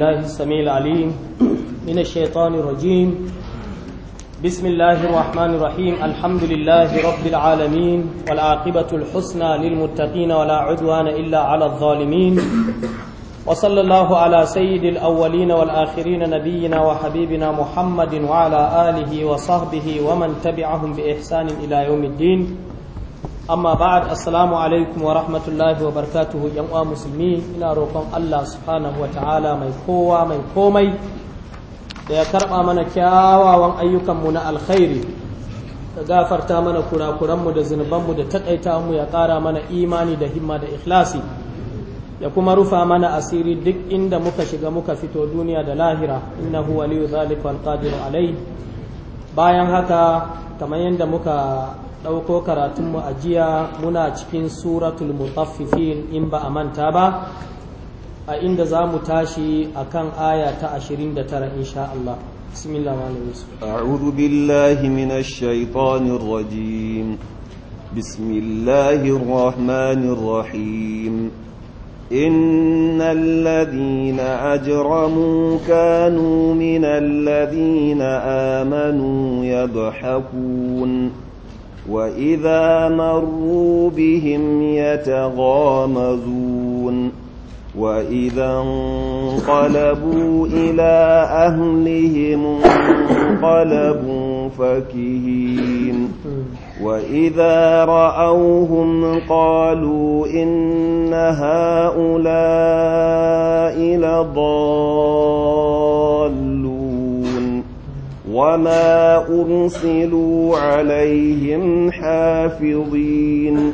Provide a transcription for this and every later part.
الله السميع العليم من الشيطان الرجيم بسم الله الرحمن الرحيم الحمد لله رب العالمين والعاقبة الحسنى للمتقين ولا عدوان إلا على الظالمين وصلى الله على سيد الأولين والآخرين نبينا وحبيبنا محمد وعلى آله وصحبه ومن تبعهم بإحسان إلى يوم الدين amma ba'ad assalamu alaikum wa rahmatullahi wa barkatuhu yan uwa musulmi ina roƙon Allah subhanahu wa ta'ala mai kowa mai komai da ya karɓa mana kyawawan ayyukanmu na alkhairi da gafarta mana kurakuranmu da zunubanmu da taƙaita mu ya ƙara mana imani da himma da ikhlasi ya kuma rufa mana asiri duk inda muka shiga muka fito duniya da lahira innahu waliyu zalika alqadiru alai bayan haka kamar yadda muka ɗauko karatunmu a jiya muna cikin suratul mutaffifin in ba a manta ba a inda za mu tashi a kan aya ta 29 insha Allah bismillah malam yusuf a'udhu billahi minash shaitanir rajim bismillahir rahim إن الذين أجرموا كانوا من الذين آمنوا يضحكون وإذا مروا بهم يتغامزون وإذا انقلبوا إلى أهلهم انقلبوا فكهين وإذا رأوهم قالوا إن هؤلاء لضالون وما أرسلوا عليهم حافظين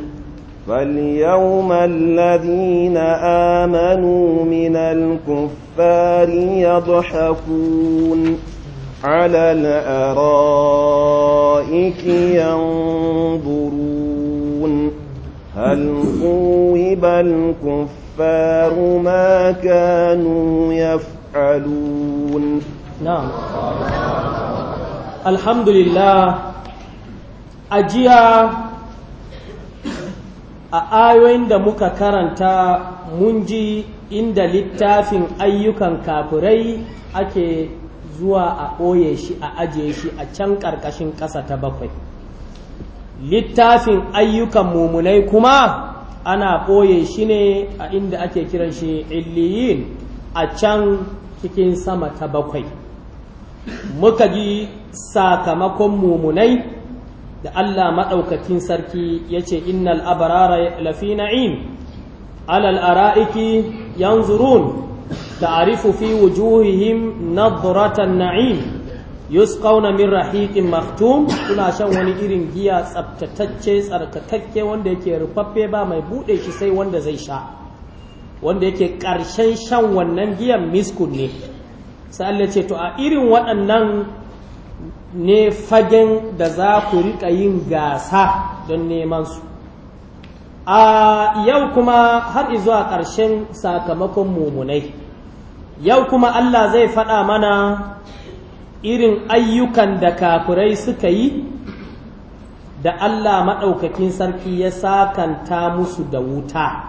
فاليوم الذين آمنوا من الكفار يضحكون على الأرائك ينظرون هل ثوب الكفار ما كانوا يفعلون نعم alhamdulillah ajiya a ayoyin da muka karanta mun ji inda littafin ayyukan kafirai ake zuwa a ɓoye shi a ajiye shi a can ƙarƙashin ƙasa ta bakwai littafin ayyukan mumunai kuma ana ɓoye shi ne a inda ake kiran shi illiyin a can cikin sama ta bakwai muka ji sakamakon mumunai da Allah maɗaukakin sarki ya ce innal abarara lafi na'im alal ara'iki yanzurun ta'arifu fi wujuhihim nadratan na'im yusqauna min rahiqin maktum suna shan wani irin giya tsaftatacce tsarkakakke wanda yake rufaffe ba mai bude shi sai wanda zai sha wanda yake karshen shan wannan giyan miskun ne sai Allah ce to a irin waɗannan ne fagen da za ku riƙa yin gasa don neman su a yau kuma har zuwa ƙarshen sakamakon mummunai. yau kuma Allah zai faɗa mana irin ayyukan da kafirai suka yi da Allah maɗaukakin sarki ya sakanta musu da wuta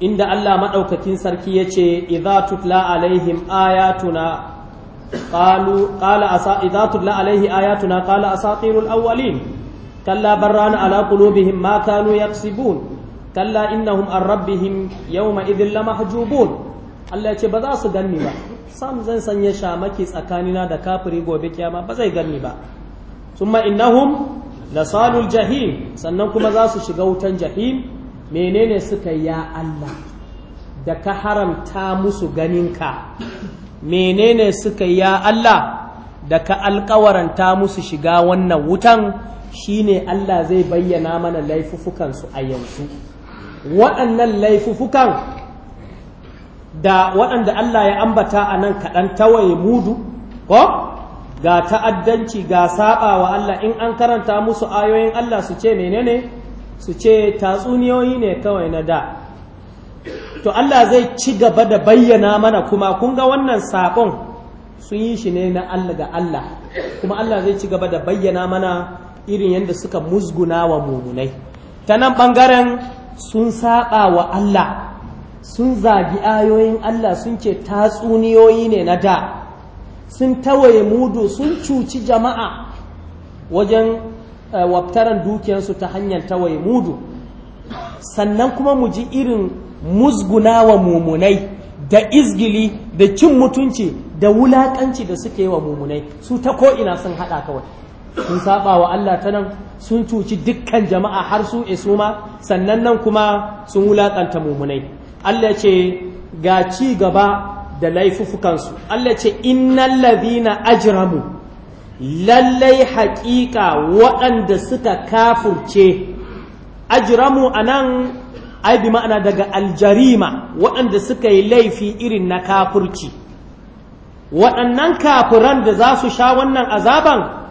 inda Allah maɗaukakin sarki ya ce idza tutla alaihim ayatuna قالوا قال أسا إذا تتلى عليه آياتنا قال أساطير الأولين كلا بران على قلوبهم ما كانوا يكسبون كلا إنهم عن ربهم يومئذ لمحجوبون Allah ya ce ba za su ganni ba sam zan sanya shamaki tsakanina da kafiri gobe kiyama ba zai ganni ba summa innahum lasalul jahim sannan kuma za su shiga wutan jahim menene suka ya Allah da ka haramta musu ganinka menene suka ya Allah da ka alkawaranta musu shiga wannan wutan shine Allah zai bayyana mana laifufukansu a yanzu waɗannan laifufukan da waɗanda Allah ya ambata a nan kaɗan tawaye mudu ko ga ta'addanci ga saɓa wa Allah in an karanta musu ayoyin Allah su ce menene su ce tatsuniyoyi ne kawai na da to Allah zai ci gaba da bayyana mana kuma kun ga wannan saƙon sun yi shi ne na Allah ga Allah kuma Allah zai ci gaba da bayyana mana irin yadda suka musguna wa mumunai ta nan ɓangaren sun saɓa wa Allah sun zagi ayoyin Allah sun ce tatsuniyoyi ne na da sun tawaye mudu sun cuci jama'a wajen eh, waftaran dukiyarsu ta hanyar tawaye mudu sannan kuma mu ji irin musguna wa mumunai da izgili da cin mutunci da wulakanci da suke wa mumunai su ta ko'ina sun haɗa kawai sun saba wa Allah ta nan sun cuci dukkan jama'a har su isu ma sannan nan kuma sun wulaƙanta mumunai Allah ce ga ci gaba da laifufukansu Allah ce innal ladhina ajramu lallai haƙiƙa waɗanda suka kafurce a nan. ai bi ma'ana daga aljarima waɗanda suka yi laifi irin na kafurci waɗannan kafuran da za su sha wannan azaban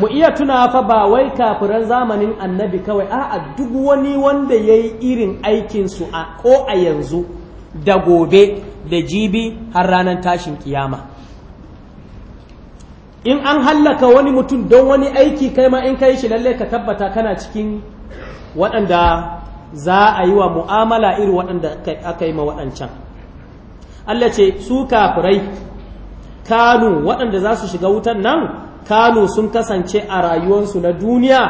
mu iya tuna fa ba wai kafiran zamanin annabi kawai a'a duk wani wanda ya yi irin aikinsu a ko a yanzu da gobe da jibi har ranar tashin kiyama in an hallaka wani mutum don wani aiki kai ma in kai shi lalle ka tabbata kana cikin waɗanda za a yi wa mu'amala iri waɗanda aka yi ma waɗancan Allah ce su kafirai kanu waɗanda za su shiga wutan nan kanu sun kasance a rayuwarsu na duniya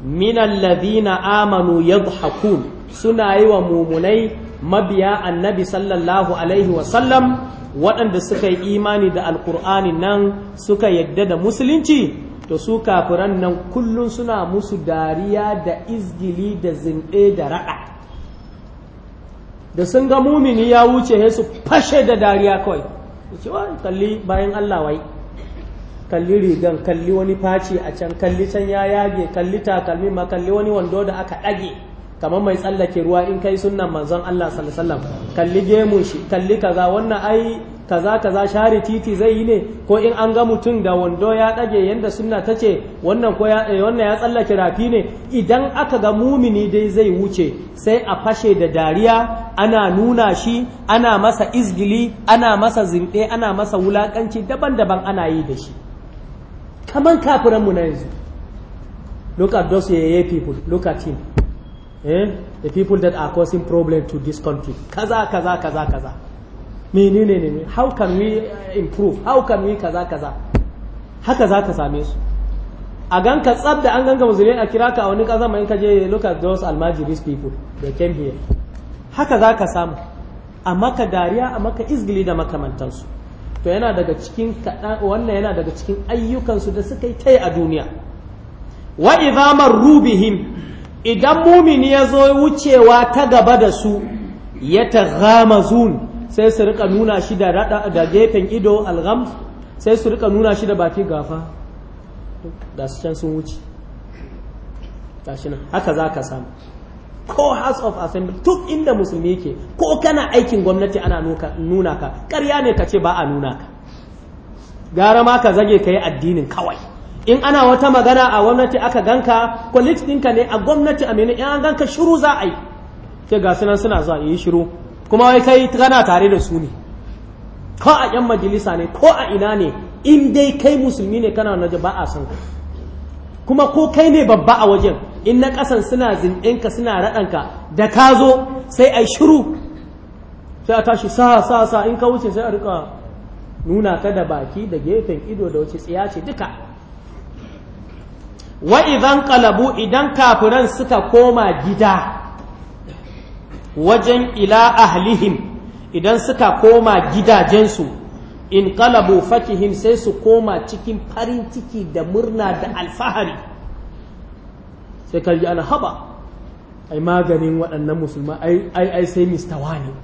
minan amanu yadhakun suna yi wa mumunai mabiya annabi sallallahu alaihi wasallam waɗanda suka yi imani da alkur'ani nan suka yadda da musulunci to su kafiran nan kullum suna musu dariya da izgili da zinɗe da raɗa da sun ga mumini ya wuce he su fashe da dariya kawai ce cewa kalli bayan Allah wai kalli rigan kalli wani faci a can kalli can ya yage kalli takalmi ma kalli wani wando da aka ɗage kamar mai tsallake ruwa in kai sunan manzon Allah sallallahu alaihi wasallam kalli gemun shi kalli kaza wannan ai kaza kaza share titi zai yi ne ko in an ga mutum da wando ya dage yanda sunna ta ce wannan ko eh, wannan ya tsallake rafi ne idan aka ga mumini dai zai wuce sai a fashe da dariya ana nuna shi ana masa izgili ana masa zinɗe ana masa wulakanci daban-daban ana yi da shi kamar mu na yanzu look at those yeye people look at him eh the people that are causing problem to this country kaza kaza kaza kaza menene ne how can we improve how can we kaza kaza haka za ka same su a gan ka tsab da an ganga musulmi a kira ka a wani kaza mai kaje look at those almajiris people they came here haka za ka samu a maka dariya a maka izgili da makamantansu to yana daga cikin kaɗan wannan yana daga cikin ayyukansu da suka yi ta a duniya wa idza marru bihim idan mumini ya zo wucewa ta gaba da su ya tagamazun sai su rika nuna shi da rada da gefen ido algham sai su rika nuna shi da baki gafa da su can sun wuce gashi nan haka za ka samu ko house of assembly duk inda musulmi ke ko kana aikin gwamnati ana nuna ka karya ne ka ce ba a nuna ka gara ma ka zage ka yi addinin kawai in ana wata magana a gwamnati aka ganka colleagues ɗinka ne a gwamnati a mene in an ganka shiru za a yi ke ga sunan suna a yi shiru kuma wai kai kana tare da su ne ko a yan majalisa ne ko a ina ne in dai kai musulmi ne kana na ba a san kuma ko kai ne babba a wajen in na kasan suna zinɗinka suna raɗanka da ka zo sai a shiru sai a tashi sa sa sa in ka wuce sai a rika nuna ta da baki da gefen ido da wuce tsiya ce duka wa idan kalabu idan kafiran suka koma gida wajen ila ahlihim idan suka koma gidajensu in kalabu fakihim sai su koma cikin farin ciki da murna da alfahari sai kalli ana haba ai maganin waɗannan musulman ai ai sai mista wani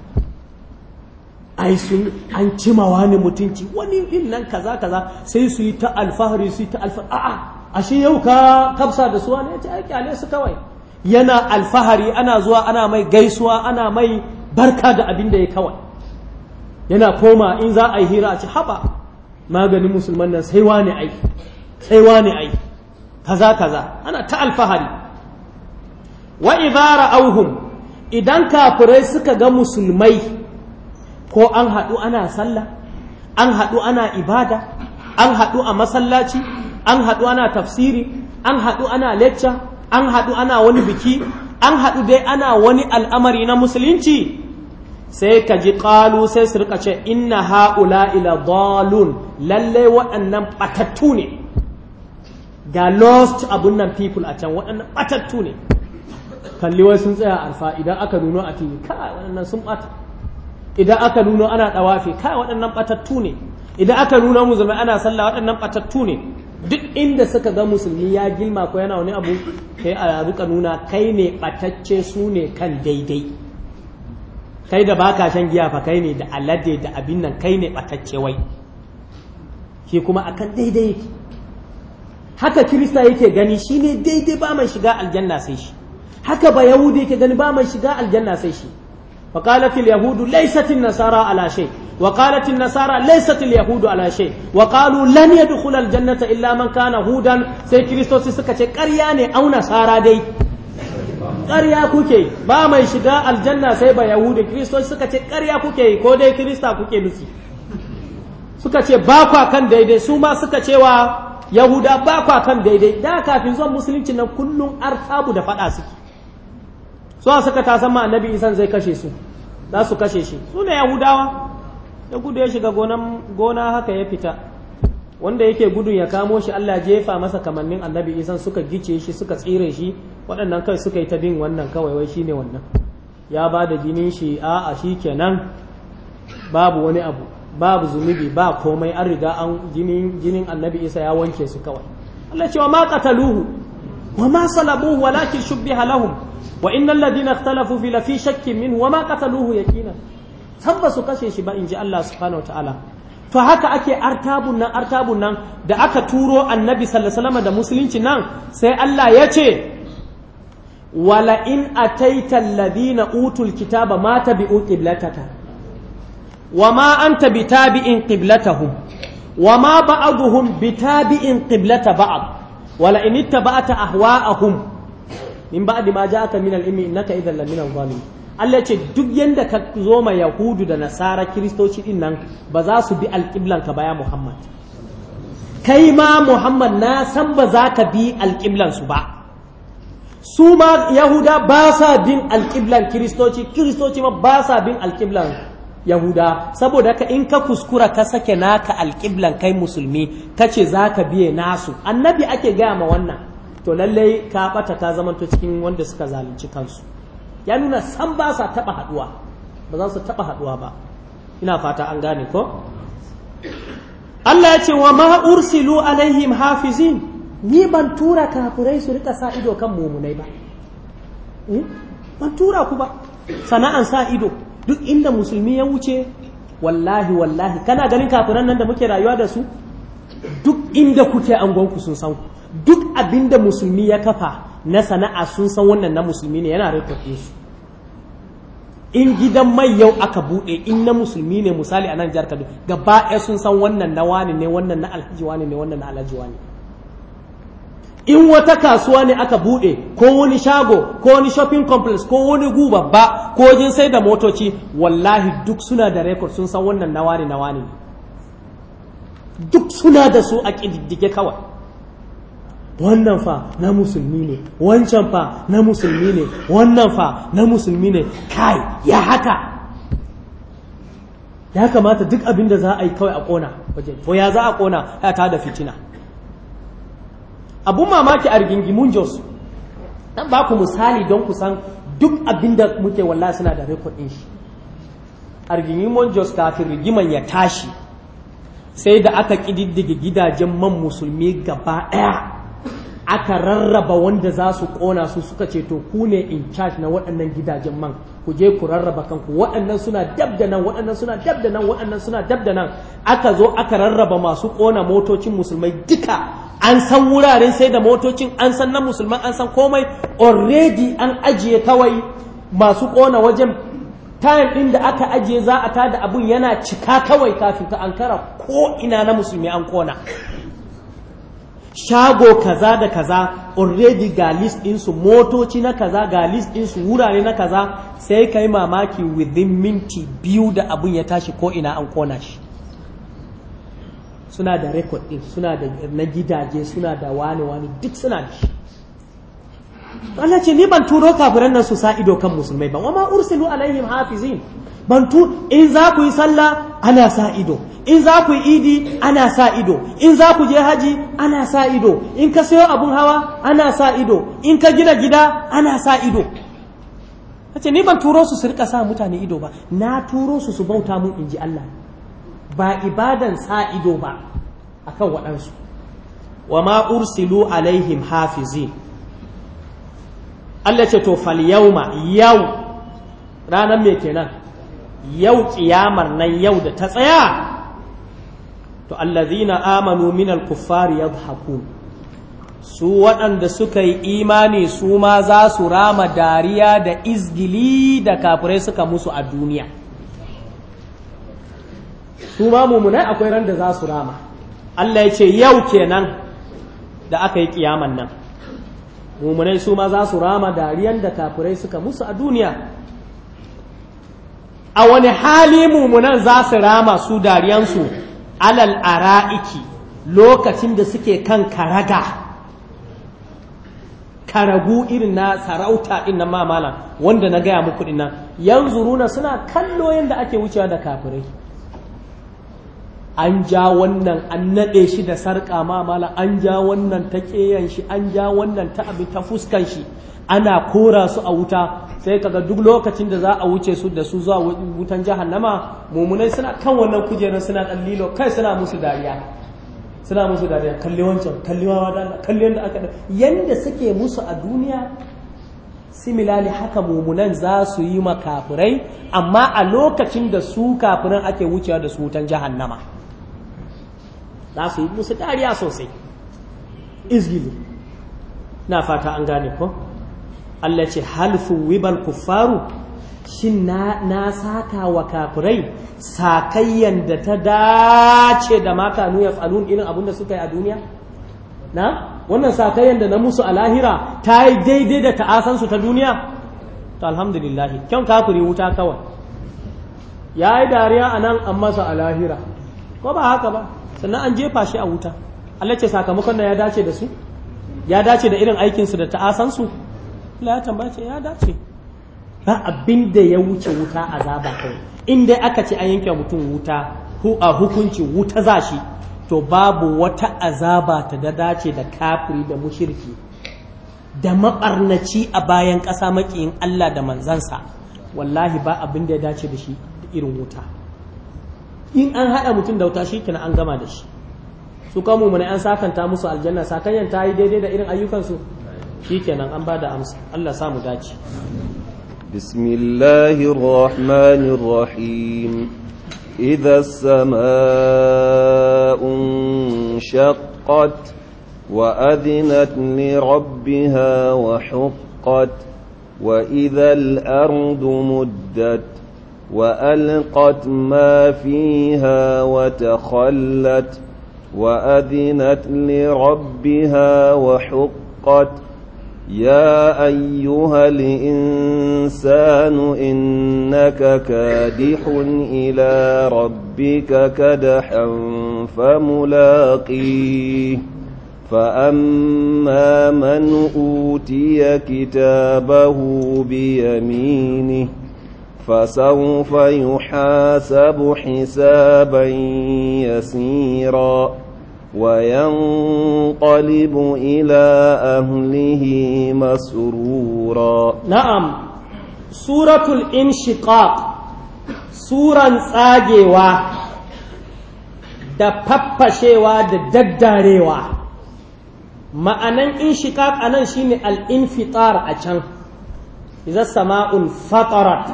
ai sun an cima wani mutunci wani in nan kaza kaza sai su yi ta alfahari su yi ta alfahari a'a ashe yau ka kafsa da su wani ya ce aiki kyale su kawai yana alfahari ana zuwa ana mai gaisuwa ana mai barka da abin da ya kawai yana koma in za a yi hira a ci haɓa maganin musulman nan sai wane ai sai wane ai kaza kaza ana ta alfahari wa ibara auhum idan kafirai suka ga musulmai ko an haɗu ana sallah an haɗu ana ibada an haɗu a masallaci an haɗu ana tafsiri an haɗu ana lecture an haɗu ana wani biki an haɗu dai ana wani al'amari na musulunci sai ka ji ƙalu sai su rika ce inna ha'ula ila dalun lalle waɗannan ɓatattu ne ga lost abun nan people a can waɗannan ɓatattu ne kalli wai sun tsaya alfa idan aka nuno a tv kai waɗannan sun ɓata idan aka nuno ana ɗawafi kai waɗannan ɓatattu ne idan aka nuno musulmai ana sallah waɗannan ɓatattu ne duk inda suka ga musulmi ya gilma ko yana wani abu kai a yaru nuna kai ne batacce su ne kan daidai kai da baka shan giya fa kai ne da alade da abin nan kai ne batacce wai shi kuma akan daidai haka kirista yake gani shi ne daidai ba mai shiga aljanna sai shi haka ba yahudi yake gani ba mai shiga aljanna sai shi fa yahudu laisatin nasara ala shay' وقالت النصارى ليست اليهود على شيء وقالوا لن يدخل الجنة إلا من sai هودا سي كريستوس سكتي قرياني أو نصارى دي ƙarya kuke ba mai shiga aljanna sai ba yahudi kristoci suka ce ƙarya kuke ko dai krista kuke nufi suka ce ba kan daidai suma ma suka cewa yahuda ba kan daidai da kafin zuwan musulunci na kullum ar artabu da faɗa suke su suka tasan ma annabi isan zai kashe su za su kashe shi su ne yahudawa da gudu ya shiga gona haka ya fita wanda yake gudun ya kamo shi Allah jefa masa kamannin annabi isa suka gice shi suka tsire shi waɗannan kai suka yi ta bin wannan kawai wai shine wannan ya ba da jinin shi a a shi kenan babu wani abu babu zunubi ba komai an riga an jinin annabi isa ya wanke su kawai Allah cewa ma qataluhu wa ma salabuhu walakin shubbiha lahum wa innal ladina ikhtalafu fi lafi shakkin minhu wa ma qataluhu yaqinan san ba su kashe shi ba in ji Allah subhanahu ta'ala to haka ake artabun nan artabun nan da aka turo annabi sallallahu alaihi da musulunci nan sai Allah ya ce wala in ataita alladhina utul kitaba ma tabi'u qiblataka wa ma anta bitabi'in qiblatahum wa ma ba'aduhum bitabi'in qiblata ba'd wala in ittaba'ta ahwa'ahum min ba'di ma ja'aka min al-ilmi innaka idhan lamina al-zalimin Allah ce duk yadda ka zo ma Yahudu da Nasara Kiristoci din nan ba za su bi alƙiblan ka baya Muhammad kai ma Muhammad na san ba za ka bi alƙiblan su ba su ma Yahuda ba sa bin alƙiblan Kiristoci Kiristoci ma ba sa bin alƙiblan Yahuda saboda ka in ka kuskura ka sake naka alƙiblan kai musulmi ka ce za ka biye nasu annabi ake gaya ma wannan to lallai ka ɓata ta zamanto cikin wanda suka zalunci kansu ya nuna san ba sa taɓa haɗuwa ba za su taɓa haɗuwa ba ina fata an gane ko Allah ya ce wa ma ursilu alaihim hafizin ni ban tura kafirai su rika sa ido kan mumunai ba hmm? ban tura ku ba sana'an sa ido duk inda musulmi ya wuce wallahi wallahi kana ganin kafiran nan da muke rayuwa da su duk inda kuke angonku sun san duk abinda musulmi ya kafa na sana'a sun san wannan na musulmi ne yana rekod su in gidan mai yau aka buɗe in na musulmi ne misali a nan jihar Kaduna gaba ɗaya sun san wannan na wani ne wannan na alhaji wani ne wannan na alhaji wani in wata kasuwa ne aka buɗe ko wani shago ko wani shopping complex ko wani gu babba ko wajen sai da motoci wallahi duk suna da rekod sun san wannan na wani na wani ne duk suna da su a ƙididdige kawai wannan fa na musulmi ne wancan fa na musulmi ne wannan fa na musulmi ne kai ya haka ya kamata duk abin da za a yi kawai a kona wajen to ya za a kona ya ta da fitina abun mamaki a rigingimun jos dan ba ku misali don ku san duk abin da muke wallahi suna da rikodin din shi a rigingimun jos kafin rigiman ya tashi sai da aka kididdiga gidajen man musulmi gaba daya. aka rarraba wanda za su kona su suka ce to ku ne in charge na waɗannan gidajen man ku je ku rarraba kanku waɗannan suna dab da nan waɗannan suna dab da nan waɗannan suna dab da nan aka zo aka rarraba masu kona motocin musulmai duka an san wuraren sai da motocin an san na musulman an san komai already an ajiye kawai masu kona wajen time ɗin da aka ajiye za a tada abun yana cika kawai kafin ta ankara ko ina na musulmi an kona. shago kaza da kaza already ga list ɗinsu motoci na kaza ga list ɗinsu wurare na kaza sai ka yi mamaki within minti biyu da abun ya tashi ko ina an kona shi suna da record ɗin suna da na gidaje suna da wani wani duk suna da shi Allah ce ni ban turo kafiran nan su sa ido kan musulmai ba wa ma ursilu alaihim hafizin bantu in za ku yi sallah ana sa ido in za ku yi idi ana sa ido in za ku je haji ana sa ido in ka sayo abun hawa ana sa ido in ka gina gida ana sa ido ce ni ban turo su su rika sa mutane ido ba na turo su su bauta mun in ji Allah ba ibadan sa ido ba akan waɗansu wa ma ursilu alaihim hafizi Allah ce to fal yau ranar me kenan yau kiyamar nan yau da ta tsaya to allazina amanu minal kuffari yadhakun su waɗanda suka yi imani su ma za su rama dariya da izgili da kafirai suka musu a duniya su ma mummunai akwai ran da za su rama Allah ya ce yau kenan da aka yi kiyaman nan mummunai su ma za su rama dariyan da kafirai suka musu a duniya a wani hali mummunan za su rama su dariyansu alal ara'iki lokacin da suke kan karaga karagu irin na sarauta din mamala wanda na gaya muku din nan yanzu runa suna kallo yadda ake wucewa da kafirai an ja wannan an naɗe shi da sarƙa mamala an ja wannan ta ƙeyan shi an ja wannan ta abi ta fuskan shi ana kora su a wuta sai kaga duk lokacin da za a wuce su da su zuwa wutan jahannama mumunai suna kan wannan kujerar suna dan lilo kai suna musu dariya suna musu dariya kalli wancan kalli wa da kalli yanda aka da yanda suke musu a duniya similali haka mumunan za su yi makafirai amma a lokacin da su kafirin ake wucewa da su wutan jahannama za su yi musu dariya sosai izgili na fata an gane ko Allah ce halfu wibal kuffaru shin na, na wa kafirai sakayyan da ta dace da maka nuya tsanun irin abin da suka yi a duniya na wannan sakayyan da na musu a lahira ta yi daidai da ta'asansu ta duniya to alhamdulillah kyan kafiri wuta kawai ya yi dariya a nan an masa a lahira ko ba haka ba sannan an jefa shi a wuta Allah ce sakamakon da ya dace da su ya dace da irin aikinsu da ta'asansu Allah ya tambaya ya dace ba abin da ya wuce wuta zaba kai in dai aka ce an yanke mutum wuta ko a hukunci wuta za shi to babu wata azaba ta da dace da kafiri da mushirki da mabarnaci a bayan ƙasa maƙiyin Allah da manzansa wallahi ba abin da ya dace da shi da irin wuta in an haɗa mutum da wuta shi kina an gama da shi su kamo mana an sakanta musu aljanna sakanyan ta yi daidai da irin ayyukansu shikenan an bada amsa Allah samu dace bismillahir rahmanir rahim idha as-samaa'u shaqqat wa adhinat li rabbiha wa huqqat wa idha al-ardu muddat وألقت ما فيها وتخلت وأذنت لربها وحقت يا أيها الإنسان إنك كادح إلى ربك كدحا فملاقيه فأما من أوتي كتابه بيمينه فسوف يحاسب حسابا يسيرا وينقلب إلى أهله مسرورا نعم سورة الانشقاق سورة ساجوا da faffashewa da daddarewa ma'anan inshiqaq anan shine al-infitar a can iza sama'un fatarat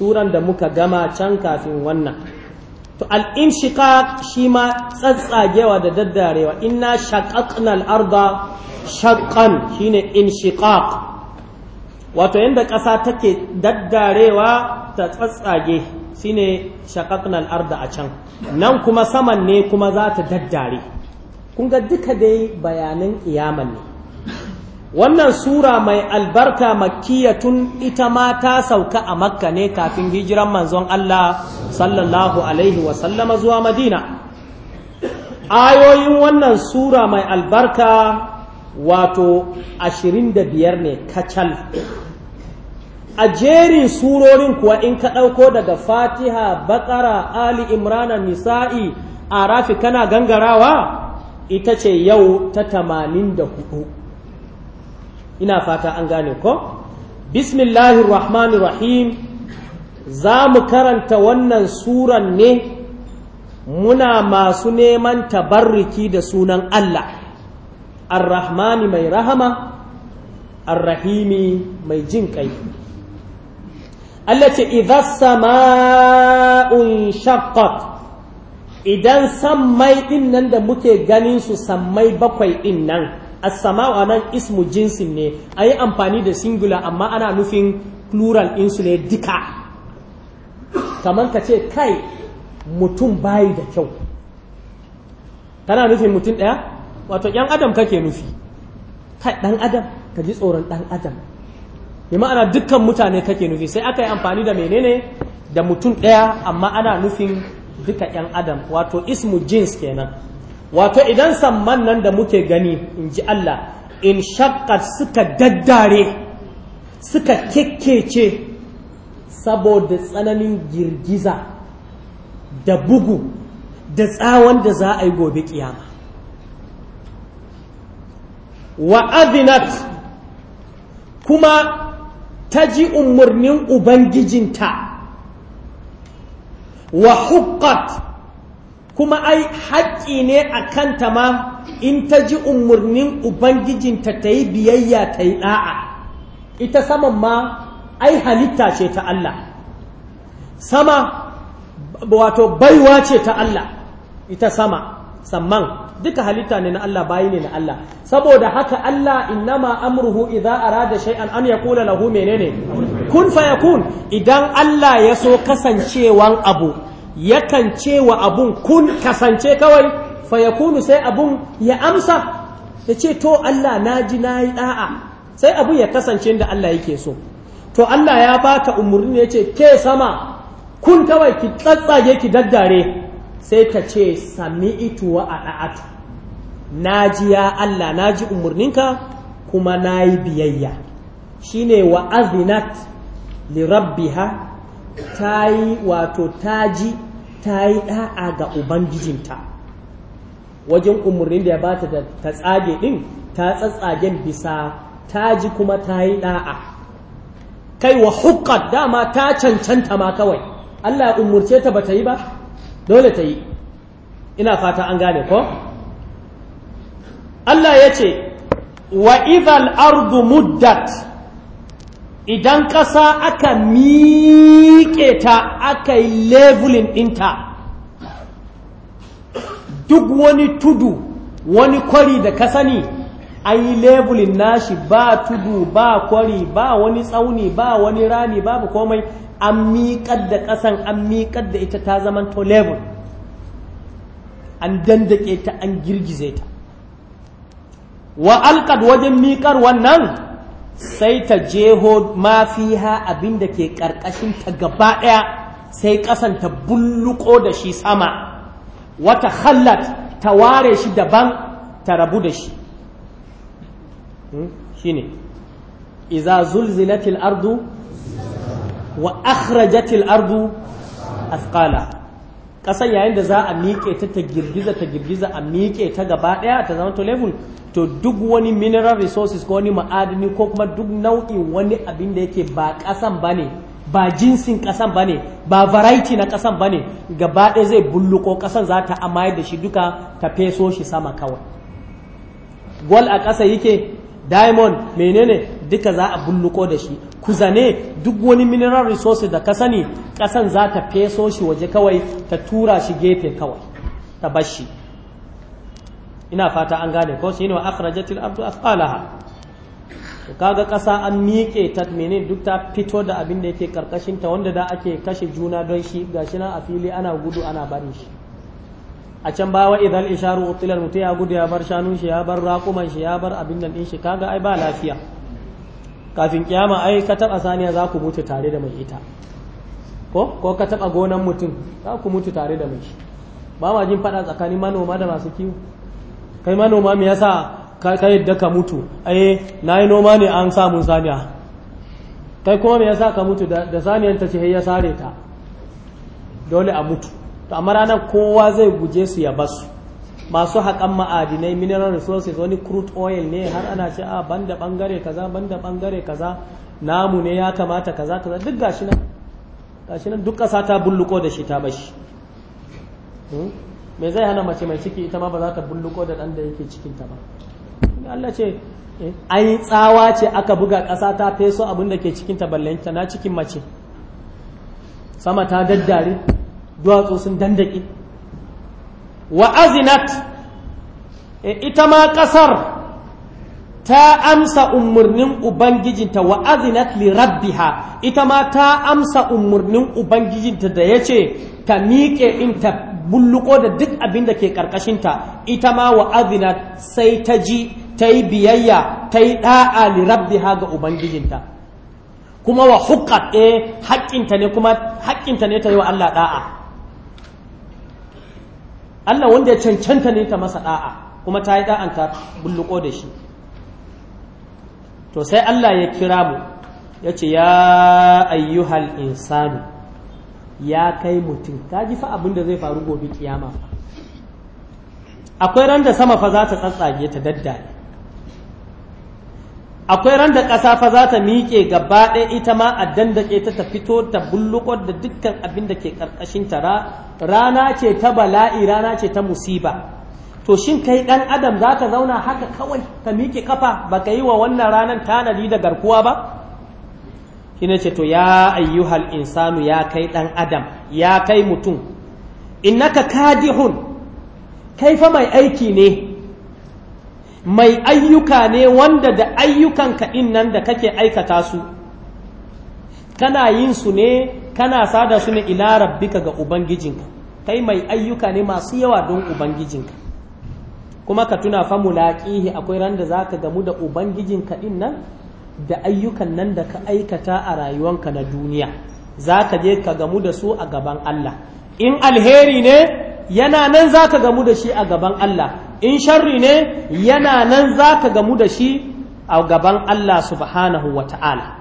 suran da muka gama can kafin wannan to al-inshiqaq shi ma tsatsagewa da daddarewa inna shaqaqna al-arda shaqqan shine inshiqaq wato yanda ƙasa take daddarewa ta tsatsage shine ne al-arda a can nan kuma saman ne kuma za ta daddare kun ga duka dai bayanan iyaman ne wannan sura mai albarka tun ita ma ta sauka a makka ne kafin hijiran manzon Allah sallallahu alaihi wasallama zuwa madina ayoyin wannan sura mai albarka wato ashirin da biyar ne kacal a jerin surorin kuwa in ka ɗauko daga fatiha bakara ali imrana nisa'i a rafi kana gangarawa ita ce yau ta tamanin da hudu ina fata an gane ko bismillahir rahmanir rahim za mu karanta wannan suran ne muna masu neman tabarriki da sunan Allah arrahmani mai rahama ar mai jin kai Allah ce idza sama'un shaqqat idan sammai ɗin nan da muke ganin su sammai bakwai ɗin nan as-sama'u anan ismu jinsin ne ayi amfani da singular amma ana nufin plural din su ne duka kamar ka ce kai mutum bayi da kyau kana nufin mutum ɗaya wato yan adam kake nufi kai ɗan adam ka ji tsoron ɗan adam bi ma'ana dukkan mutane kake nufi sai aka yi amfani da menene da mutum ɗaya amma ana nufin duka yan adam wato ismu jins kenan wato idan samman nan da muke gani in ji Allah in shakar suka daddare suka kekkece saboda tsananin girgiza da bugu da tsawon da za a yi gobe kiyama wa adinat kuma ta ji umarnin ubangijinta wa hukat kuma ai haƙƙi ne a kanta ma in ta ji umarnin ubangijinta ta yi biyayya ta yi ɗa'a ita saman ma ai halitta ce ta Allah sama wato baiwa ce ta Allah ita sama samman duka halitta ne na Allah bayi ne na Allah saboda haka Allah innama amruhu idza arada shay'an an yaqula lahu menene kun fayakun idan Allah ya so kasancewan abu yakan ce wa abun kun kasance kawai fayakunu sai abun ya amsa ya ce to Allah na ji na yi ɗa'a sai abun ya kasance da Allah yake so to Allah ya baka umarni ya ce ke sama kun kawai ki tsatsage ki daddare sai ka ce sami ituwa a ɗa'atu na ji ya Allah na ji umarninka kuma na yi biyayya shine wa azinat li rabbiha ta yi wato ta ji ta yi da'a ga ubangijinta wajen umarnin da ya bata da ta tsage din ta tsatsagen bisa ta ji kuma ta yi da'a kai wa hukkat dama ta cancanta ma kawai Allah ya umurce ta bata yi ba dole ta yi ina fata an gane ko Allah ya ce wa ardu muddat idan ƙasa aka miƙe ta aka yi levelin ɗinta duk wani tudu wani kwari da ka sani a yi levelin nashi ba tudu ba kwari ba wani tsauni ba wani rami babu komai an miƙar da ƙasan an miƙar da ita ta to level an dandake ta an girgize ta wa alƙad wajen miƙar wannan sai ta jeho mafiha abin da ke ƙarƙashin ta gaba ɗaya sai ƙasan ta bulluko da shi sama wata hallat ta ware shi daban ta rabu da shi hmm? shi ne iza zulzilatil ardu wa akhrajatil ardu asqala ƙasar yayin da za a miƙe ta ta girgiza ta girgiza a miƙe ta gaba ɗaya ta zama to level to duk wani mineral resources ko wani ma'adani ko kuma duk nau'in wani abin da yake ba ƙasan ba ne ba jinsin ƙasan ba ne ba variety na ƙasan ba ne gaba ɗaya zai bulluko ƙasan za ta amayar da shi duka ta feso shi sama kawai gwal a ƙasa yake diamond menene duka za a bulluko da shi ku zane duk wani mineral resources da ka sani ƙasan za ta feso shi waje kawai ta tura shi gefe kawai ta bar ina fata an gane ko ne wa akhrajatil ardu to kaga kasa an miƙe ta menene duk ta fito da abin da yake karkashin ta wanda da ake kashe juna don shi gashi nan a fili ana gudu ana barin shi a can ba wa idan isharu utilar mutu ya gudu ya bar shanun shi ya bar raƙuman shi ya bar abin nan shi kaga ai ba lafiya kafin kiyama ai ka taɓa saniya za ku mutu tare da mai ita ko ko ka taɓa gonan mutum za ku mutu tare da mai shi ba ma jin faɗa tsakanin manoma da masu kiwo kai manoma me yasa ka yadda ka mutu ai na yi noma ne an samun saniya kai kuma me yasa ka mutu da saniyan ta ce ya sare ta dole a mutu to amma ranar kowa zai guje su ya basu masu haƙan ma'adinai mineral resources wani crude oil ne har ana ce a ah, banda bangare kaza banda bangare kaza namu ne ya kamata kaza kaza duk gashi nan gashi nan duk ƙasa ta bulluko da shi ta bashi hmm? me zai hana mace mai ciki ita ma ba za ta bulluko da ɗan da yake cikinta ba Allah ce eh, an yi tsawa ce aka buga ƙasa ta feso abin da ke cikinta ballanta na cikin mace sama ta daddare duwatsu sun dandaki wa azinat e, ita ma ƙasar ta amsa umarnin ubangijinta wa azinat li rabbiha ita ma ta amsa umarnin ubangijinta da ya ce ta miƙe in ta bulluko da duk abin da ke ƙarƙashinta ita ma wa azinat sai ta ji ta yi biyayya ta yi ɗa'a li rabbiha ga ubangijinta kuma wa hukat eh haƙƙinta ne kuma haƙƙinta ne ta yi wa Allah ɗa'a Allah wanda ya cancanta ne ta masa da'a kuma ta yi da'an ta bulluko da shi to sai Allah ya kira mu ya ce ya ayyuhal insani ya kai mutum ta ji fa abin da zai faru gobe kiyama akwai ran da sama fa za ta tsatsage ta daddare akwai ran da ƙasa fa za ta miƙe gaba ɗaya ita ma a dandake ta ta fito ta bulluƙo da dukkan abin da ke ƙarƙashin ta rana ce ta bala'i rana ce ta musiba to shin kai ɗan adam za ka zauna haka kawai ka miƙe kafa ba ka yi wa wannan ranar tanadi da garkuwa ba shi ne ce to ya ayyuhal insanu ya kai ɗan adam ya kai mutum innaka kadihun kai fa mai aiki ne mai ayyuka ne wanda da ayyukan kaɗin nan da kake aikata su kana yin su ne kana sada su ne ila rabbika ga ubangijinka kai mai ayyuka ne masu yawa don ubangijinka kuma ka tuna fa mulaqihi akwai randa da zaka gamu da ubangijinka din nan da ayyukan nan da ka aikata a rayuwanka na duniya zaka je ka gamu da su a gaban Allah in alheri ne yana nan zaka gamu da shi a gaban Allah in sharri ne yana nan za ka gamu da shi a gaban Allah subhanahu wa ta'ala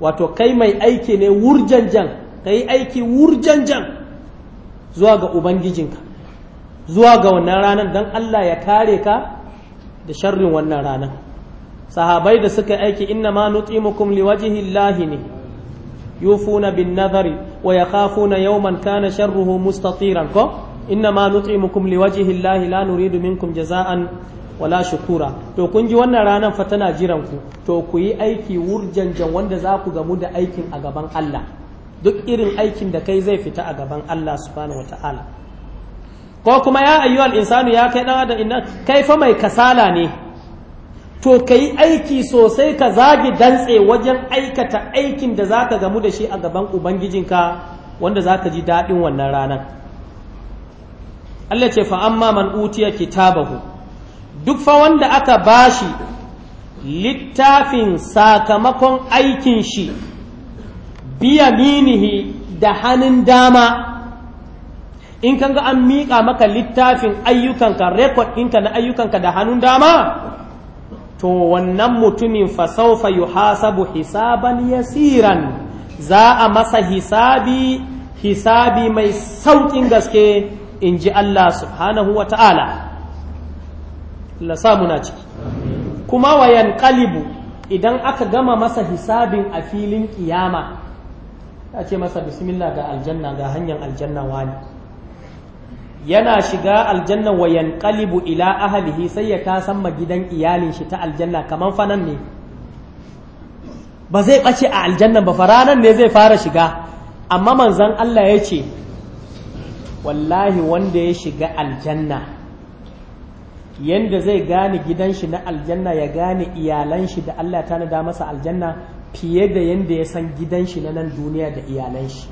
wato kai mai aiki ne wurjanjan ka yi aiki wurjanjan zuwa ga ubangijinka zuwa ga wannan ranar don Allah ya kare ka da sharrin wannan ranar sahabai da suka aiki inna ma nutsi nutimukum liwajihi Lahi ne yufuna bin nazari wa yau man kana sharruhu mustatiran ko innama nut'imukum liwajhillahi la nuridu minkum jaza'an wala shukura to kun ji wannan ranar fa tana jiran ku to ku yi aiki wurjanjan wanda za ku gamu da aikin a gaban Allah duk irin aikin da kai zai fita a gaban Allah subhanahu wata'ala ko kuma ya ayyuhal insanu ya kai dan adam inna kai fa mai kasala ne to kai aiki sosai ka zagi dantse wajen aikata aikin da zaka gamu da shi a gaban ubangijinka wanda zaka ji daɗin wannan ranar Allah ce fa amma man utiya kitabahu duk fa wanda aka bashi littafin sakamakon aikin shi biya minihi da hannun dama in kan ga an miƙa maka littafin ayyukanka rekod ɗinka na ayyukanka da hannun dama to wannan mutumin fasaufa yuhasabu hisaban yasiran za a masa hisabi hisabi mai sauƙin gaske in ji Allah subhanahu wa ta'ala Allah samu ciki kuma wayan kalibu idan aka gama masa hisabin a filin ƙiyama, ta ce masa bismillah ga aljanna ga hanyar aljanna wani yana shiga aljanna wayan kalibu ila ahalihi sai ya tasamma gidan iyalin shi ta aljanna kamar fanan ne ba zai ɓace a aljannan ba faranan ne zai fara shiga amma manzan Allah ya ce wallahi wanda ya shiga aljanna yanda zai gane gidan shi na aljanna ya gane iyalan shi da Allah ta nada masa aljanna fiye da yanda ya san gidan shi na nan duniya da iyalan shi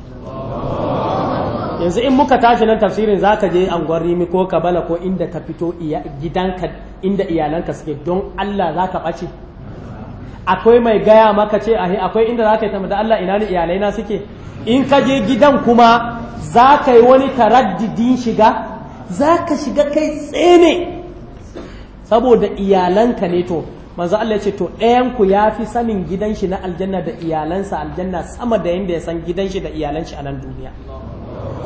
yanzu in muka tashi nan tafsirin za ka je anguwar rimi ko kabala ko inda ka fito gidanka inda iyalanka suke don Allah za ka ɓace akwai mai gaya maka ce akwai inda za ka yi da Allah ina ne iyalaina suke in ka je gidan kuma za ka yi wani taraddidin shiga za ka shiga kai tsene saboda iyalanka ne to manzo Allah ce to ɗayanku ya fi sanin gidan shi na aljanna da iyalansa aljanna sama da yanda ya san gidan shi da iyalan shi a nan duniya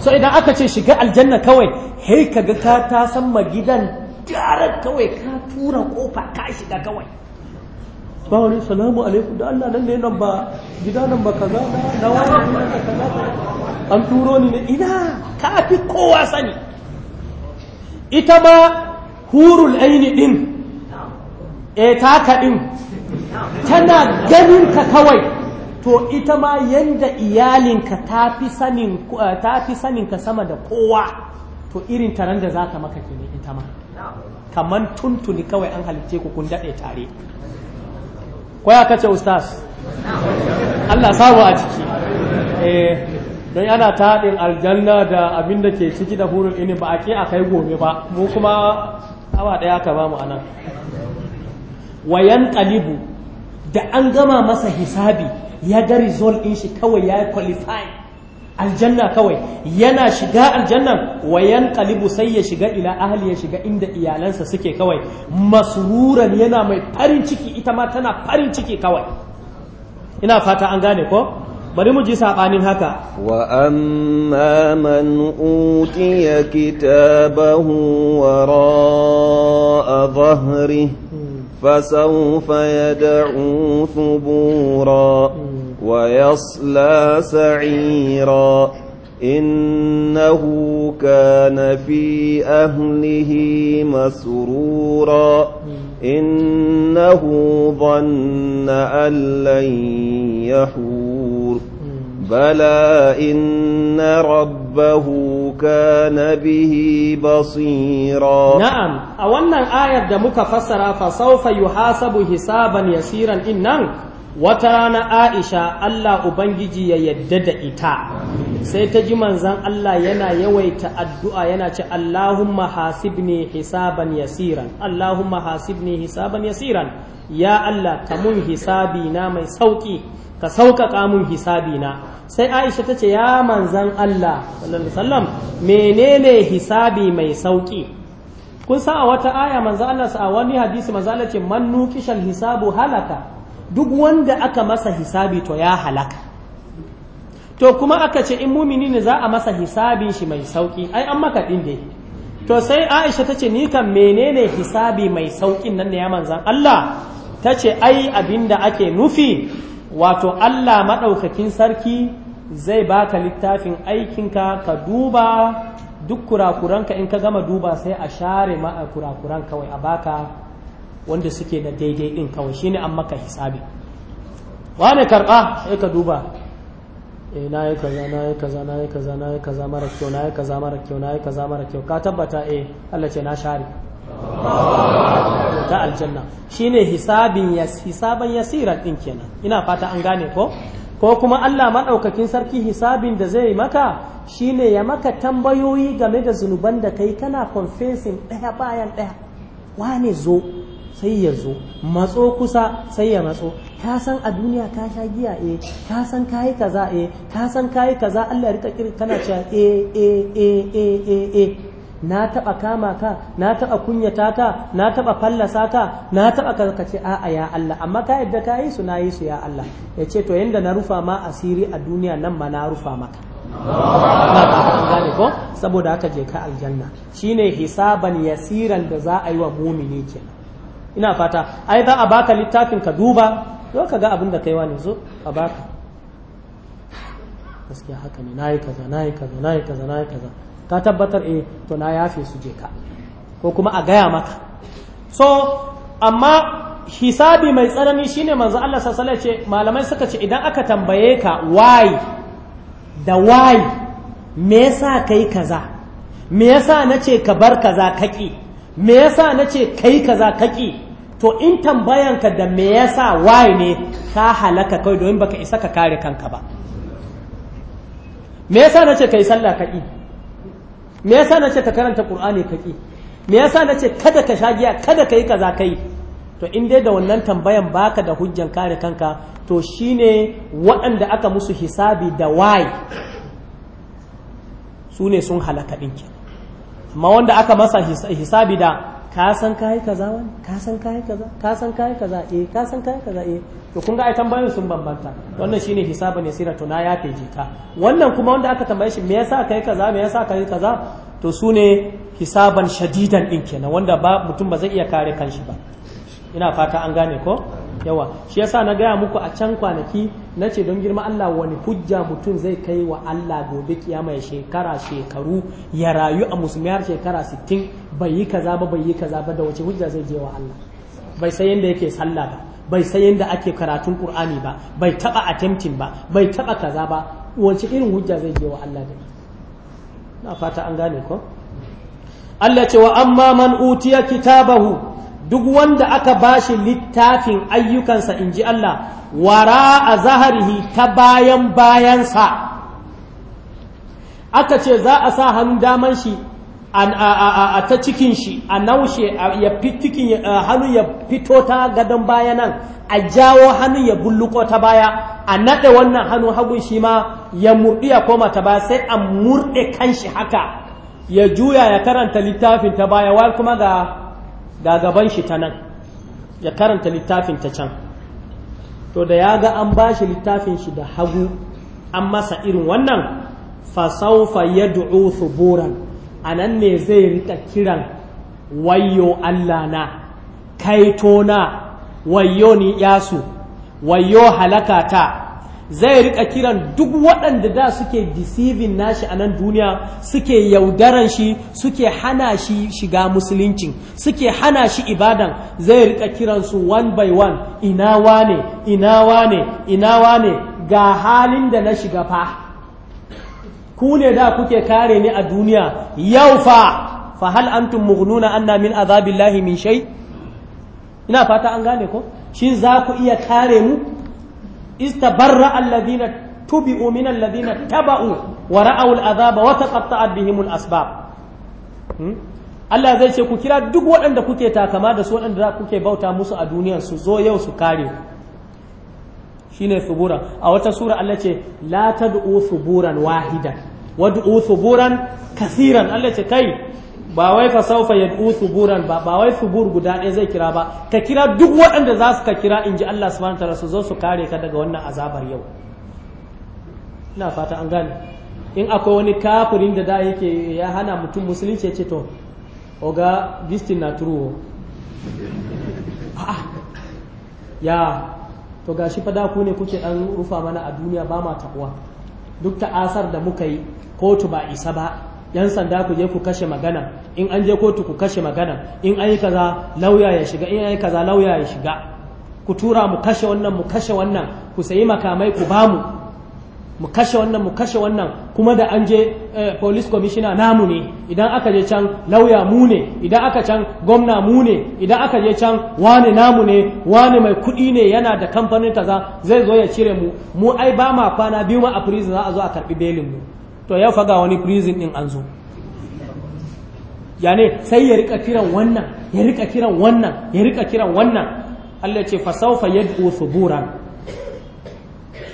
so idan aka ce shiga aljanna kawai hei kaga ka ta san ma gidan tare kawai ka tura kofa ka shiga kawai ba salamu alaikum da Allah nan ne nan ba gida nan ba kaza na wani nan ba kaza an turo ni ne ina ka fi kowa sani ita ma hurul aini din e taka din tana ganin ka kawai to ita ma yanda iyalinka ta fi sanin eh, sanin ka sama da kowa to irin taron da zaka maka kenan ita ma kaman tuntuni kawai an halicce ku kun dade tare ko ya kace ustaz Allah samu a ciki eh don yana ta hadin aljanna da abin da ke ciki da hurun ini ba a ke a kai gobe ba mu kuma awa daya ka ba mu anan wayan qalibu da an gama masa hisabi ya ga result ɗin shi kawai ya qualify aljanna kawai yana shiga aljannan wayan kalibu sai ya shiga ila ahli ya shiga inda iyalansa suke kawai masruran yana mai farin ciki ita ma tana farin ciki kawai ina fata an gane ko bari mu ji sabanin haka wa amma man utiya kitabahu wara dhahrihi فسوف يدعو ثبورا ويصلى سعيرا إنه كان في أهله مسرورا إنه ظن أن لن يحور بلى إن ربه كان به بصيرا نعم أولا آية دمك فسر فسوف يحاسب حسابا يسيرا إنه wata rana aisha Allah Ubangiji ya yadda da ita sai ta ji manzan Allah yana yawaita addu'a yana ce Allahumma hasibni hisaban yasiran Allahumma hasibni hisaban yasiran ya Allah ka mun hisabi na mai sauƙi ka sauƙaƙa mun hisabi na sai aisha ta ce ya manzan Allah sallallahu menene hisabi mai sauƙi kun sa a wata aya manzan Allah sa a wani hadisi manzan Allah ce man nukishan hisabu halaka duk wanda aka masa hisabi to ya halaka to kuma aka ce in mumini ne za a masa hisabin shi mai sauki ai an maka din dai to sai Aisha tace ni kan menene hisabi mai saukin nan da ya manzan Allah tace ai abinda ake nufi wato Allah madaukakin sarki zai baka littafin aikinka ka duba duk kurakuranka in ka gama duba sai a share ma kurakuran kawai a baka wanda suke na daidai din kawai shine an maka hisabi wane karɓa sai ka duba eh na yi kaza na yi kaza na yi kaza na yi kaza mara kyau na yi kaza mara kyau na yi kaza mara kyau ka tabbata eh Allah ce na share ta aljanna shine hisabin ya hisaban yasiran din kenan ina fata an gane ko ko kuma Allah maɗaukakin sarki hisabin da zai maka shine ya maka tambayoyi game da zunuban da kai kana confessing ɗaya bayan ɗaya wane zo sai ya zo matso kusa sai ya matso ka san a duniya ka sha giya eh ka san kayi kaza eh ka san kayi kaza Allah ya rika kiri kana cewa eh eh eh eh eh eh na taba kama ka na taba kunyata ka na taba fallasa ka na taba ka ce a'a ya Allah amma ka yadda ka yi su na yi su ya Allah ya ce to yanda na rufa ma asiri a duniya nan ma na rufa maka ko saboda haka je ka aljanna shine hisaban yasiran da za a yi wa mumini kenan ina fata ai za a baka littafin ka duba zo ka ga abin da kai wani zo a baka gaskiya haka ne nayi kaza nayi kaza nayi kaza nayi kaza ka tabbatar eh to na yafe su je ka ko kuma a gaya maka so amma hisabi mai tsanani shine manzo Allah sallallahu ce malamai suka ce idan aka tambaye ka why da why me yasa kai kaza me yasa nace ka bar kaza kaki me yasa nace kai kaza kaki to in tambayanka da me yasa waye ne ka halaka kai domin baka isa ka kare kanka ba me yasa nace kai sallah ka me yasa nace ka karanta qur'ani kaki me yasa nace kada ka sha giya kada kai kaza kai to in dai da wannan tambayan baka da hujjan kare kanka to shine waɗanda aka musu hisabi da waye sune sun halaka ɗinki amma wanda aka masa hisabi da ka san kaza wani ka san kaza ka san kaza eh ka san kaza eh to kun ga ai bayan sun bambanta wannan shine hisaba ne sira to na ya feje ka wannan kuma wanda aka tambaye shi me yasa kayi kaza me yasa kayi kaza to su ne hisaban shadidan din kenan wanda ba mutum ba zai iya kare kanshi ba ina fata an gane ko yawa shi yasa na gaya muku a can kwanaki na ce don girma Allah wani hujja mutum zai kai wa Allah gobe kiyama ya shekara shekaru ya rayu a musulmiyar shekara 60 bai yi kaza ba bai yi kaza ba da wace hujja zai je wa Allah bai san yadda yake sallah ba bai san yadda ake karatun Qur'ani ba bai taba attempting ba bai taba kaza ba wace irin hujja zai je wa Allah da na fata an gane ko Allah ce wa amma man utiya kitabahu duk wanda aka bashi littafin ayyukansa in ji Allah wara a zaharihi ta bayan bayansa aka ce za a sa hannun daman shi a ta cikin shi a naushe ya fitikin hannun ya fito ta gadon bayanan a jawo hannun ya bulluko ta baya a naɗe wannan hannun hagun shi ma ya murɗi ya koma ta baya sai a murɗe kanshi haka ya juya ya karanta littafin ta baya wal kuma ga ga gaban shi ta nan ya karanta littafin ta can to da ya ga an ba shi littafin shi da hagu an masa irin wannan fasaufa ya du'u thuburan a nan ne zai rika kiran wayo Allah na kaito na wayo ni yasu wayo halakata zai rika kiran duk waɗanda da suke deceiving nashi a nan duniya suke yaudaran shi suke hana shi shiga musuluncin suke hana shi ibadan zai rika kiransu one by one ina wane ina wane ina wane ga halin da na shiga fa ku ne da kuke kare ni a duniya yau fa fa hal antum mughnuna anna min azabillahi min shay ina fata an gane ko shin za ku iya kare mu Ista istabarra alladhina tubi'u min alladhina taba'u wa azaba wata wa taqatta'at bihim al'asbab Allah zai ce ku kira duk waɗanda kuke takama da su waɗanda za kuke bauta musu a duniyar su zo yau su kare shine suburan a wata sura Allah ce la tad'u suburan wahidan wad'u suburan kasiran Allah ce kai ba wai fa saufa yad'u suburan ba ba wai subur guda ɗaya zai kira ba ka kira duk waɗanda za su ka kira in ji Allah subhanahu ta'ala su zo su kare ka daga wannan azabar yau ina fata an gane in akwai wani kafirin da da yake ya hana mutum musulunci ce to oga gistin na turo ah, ya to gashi fa da ku ne kuke dan rufa mana a duniya ba ma takwa duk ta'asar da muka yi kotu ba isa ba yan sanda ku je ku kashe magana in an je kotu ku kashe magana in an yi kaza lauya ya shiga in an kaza lauya ya shiga ku tura mu kashe wannan mu kashe wannan ku sayi makamai ku bamu mu kashe wannan mu kashe wannan kuma da an je eh, police commissioner namu ne idan aka je can lauya mu ne idan aka can gwamna mu ne idan aka je can wane namu ne wane mai kuɗi ne yana da kamfanin kaza zai zo ya cire mu mu ai ba ma kwana biyu ma a prison za a zo a karɓi belin mu to ya faga wani prison din an zo ne sai ya rika kiran wannan ya rika kiran wannan ya rika kiran wannan Allah ya ce fasaufa yad'u thuburan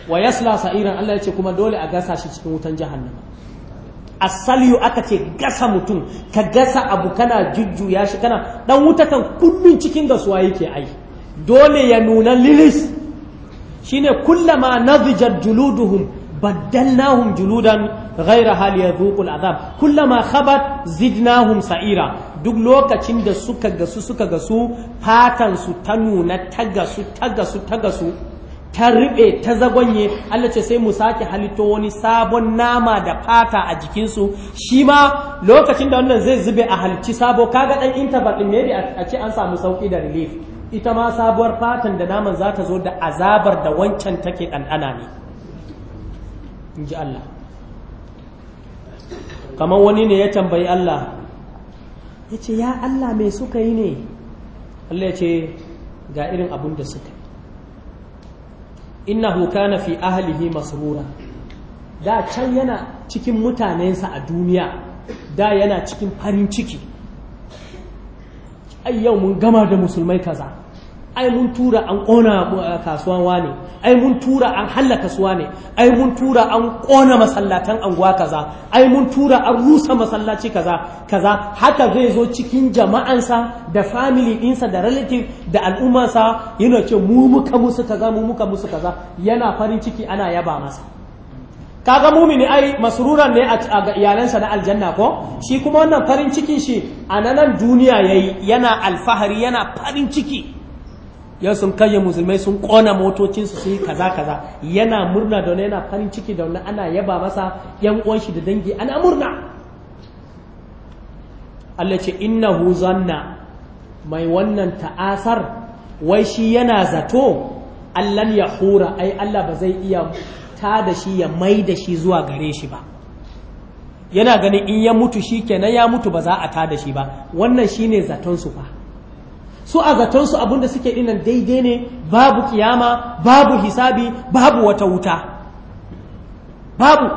wa yasla sa'iran Allah ya ce kuma dole a gasa shi cikin wutan jahannama asaliyu aka ce gasa mutum ka gasa abu kana jujjuya shi kana ɗan wuta kan kullun cikin gasuwa yake ai dole ya nuna lilis shine kullama nadijat juluduhum baddalnahum juludan ghaira hal yadhuqul azab kullama khabat zidnahum sa'ira duk lokacin da suka gasu suka gasu fatan su ta nuna ta gasu ta gasu ta gasu ta riɓe ta zagonye Allah ce sai mu sake halitto wani sabon nama da fata a jikinsu shi ma lokacin da wannan zai zube a halci sabo kaga ɗan interval ɗin ne a ce an samu sauki da relief ita ma sabuwar fatan da naman zata zo da azabar da wancan take ɗanɗana ne in ji Allah kamar wani ne ya tambayi Allah ya ce ya Allah mai suka yi ne Allah ya ce ga irin abin da suka yi innahu kana fi ahlihi masrura da can yana cikin mutanensa a duniya da yana cikin farin ciki ai yau mun gama da musulmai kaza ai mun tura an ƙona eh, kasuwa wane ai mun tura an halla kasuwa ne. ai mun tura an ƙona masallatan anguwa kaza ai mun tura an rusa masallaci kaza kaza haka zai zo cikin jama'ansa da family ɗinsa da relative da al'ummarsa yana ce mu muka musu kaza mu muka musu kaza yana farin ciki ana yaba masa kaga mumini ai masruran ne a ga iyalansa na aljanna ko shi kuma wannan farin cikin shi a nan duniya yayi yana alfahari yana farin ciki yau sun kashe musulmai sun kona motocinsu sun yi kaza kaza yana murna da wani yana farin ciki da wani ana yaba masa yan uwan shi da dangi ana murna Allah ce hu zanna mai wannan ta'asar wai shi yana zato Allah ya hura ai Allah ba zai iya ta da shi ya mai da shi zuwa gare shi ba yana ganin in ya mutu shi kenan ya mutu ba za a ta da shi ba wannan shine zaton su fa su a zaton su da suke dinan daidai ne babu kiyama babu hisabi babu wata wuta babu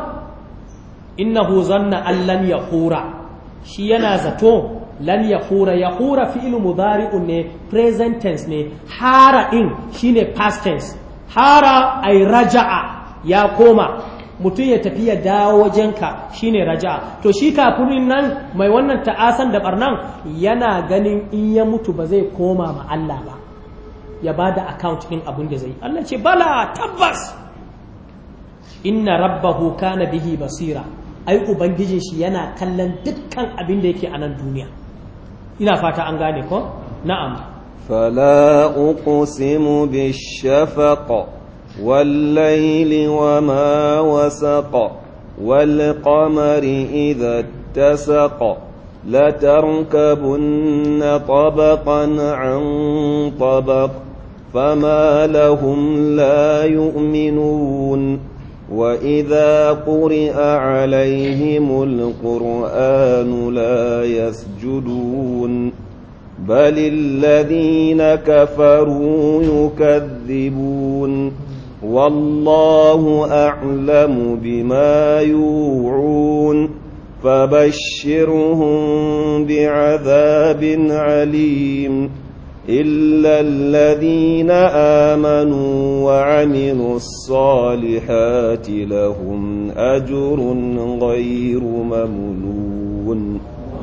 innahu zanna allan hura. shi yana zato lan hura fi fi'lu mudari'un ne present tense ne hara in shine past tense hara airaja'a raja'a ya koma mutum ya tafi ya dawo wajenka shine raja to shi kafirin nan mai wannan ta'asan da barnan yana ganin in ya mutu ba zai koma ma Allah ba ya ba da account din abin da zai Allah ce bala tabbas inna rabbahu kana bihi basira ai ubangijin shi yana kallon dukkan abin da yake a nan duniya ina fata an gane ko na'am fala uqsimu bishafaq والليل وما وسق والقمر إذا اتسق لتركبن طبقا عن طبق فما لهم لا يؤمنون وإذا قرئ عليهم القرآن لا يسجدون بل الذين كفروا يكذبون والله أعلم بما يوعون فبشرهم بعذاب عليم إلا الذين آمنوا وعملوا الصالحات لهم أجر غير ممنون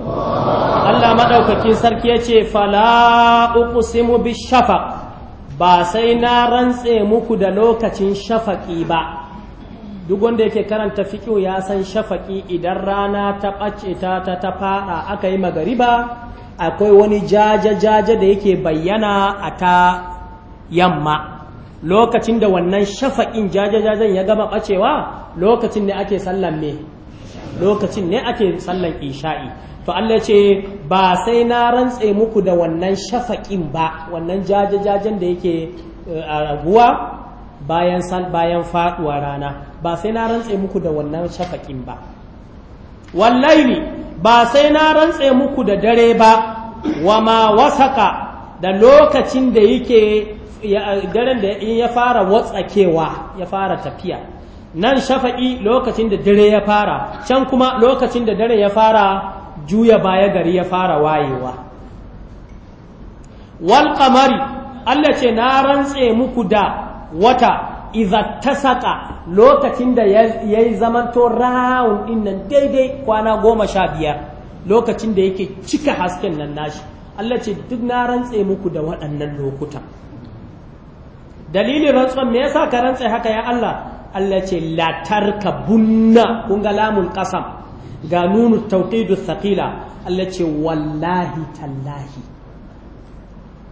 Allah maɗaukakin sarki ya ce, Fala uku simu bi shafaq ba sai na rantse muku da lokacin shafaƙi ba duk wanda yake karanta fiƙo ya san shafaƙi idan rana ta ɓace ta ta ta faɗa aka yi magariba akwai wani jaje-jaje da yake bayyana a ta yamma lokacin da wannan shafaƙin jaje-jajen ya gama ɓacewa lokacin ne ake sallan me lokacin ne ake sallan isha'i to Allah ce ba sai na rantse muku da wannan shafaƙin ba wannan jajajajen da yake eh, raguwa bayan sal bayan faduwa rana ba sai na rantse muku da wannan shafaƙin ba wallahi ba sai na rantse muku da dare ba wa ma wasaka da lokacin da yake daren da in ya fara watsakewa ya fara tafiya nan shafaƙi lokacin da dare ya fara can kuma lokacin da dare ya fara juya baya gari ya fara wayewa wal kamari Allah ce na rantse muku da wata iza saka lokacin da ya yi zamanto rawun dinnan daidai kwana goma sha biyar lokacin da yake cika hasken nan nashi Allah ce duk na rantse muku da waɗannan lokuta dalilin rantsuwan me yasa ka rantse haka ya Allah Allah ce latarka bunna kun ga lamun kasam ga nunu tauqidu thaqila Allah ce wallahi tallahi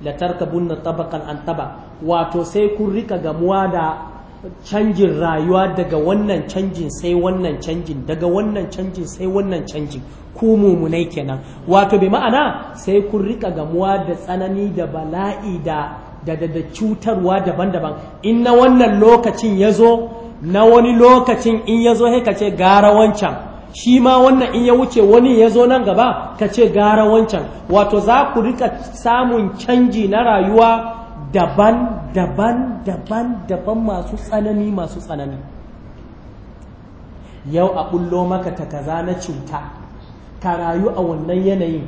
la tarkabunna tabaqan an taba wato sai kun rika gamuwa da canjin rayuwa daga wannan canjin sai wannan canjin daga wannan canjin sai wannan canjin ku mumunai kenan wato bi ma'ana sai kun rika gamuwa da tsanani da bala'i da da da, da cutarwa daban-daban in na wannan lokacin ya zo na wani lokacin in ya zo ka ce gara wancan shi ma wannan in ya wuce wani ya zo nan gaba ka ce gara wancan wato za ku rika samun canji na rayuwa daban daban daban daban masu tsanani masu tsanani yau a bullo maka ta kaza na cuta ka rayu a wannan yanayin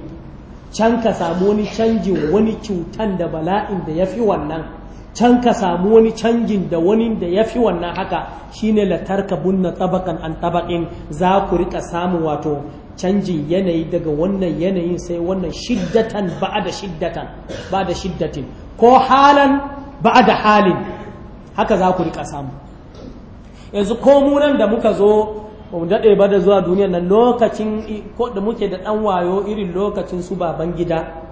can ka samu wani canjin wani cutan da bala'in da ya fi wannan can ka samu wani canjin da wani da ya fi wannan haka shine latarka bunna tabakan an tabakin za ku rika samu wato canjin yanayi daga wannan yanayin sai wannan shiddatan ba'a da shiddatan ba'a da shiddatin ko halan ba'ada da halin haka za ku rika samu yanzu ko munan da muka zo mu daɗe ba da zuwa duniya nan lokacin da muke da ɗan wayo irin lokacin su baban gida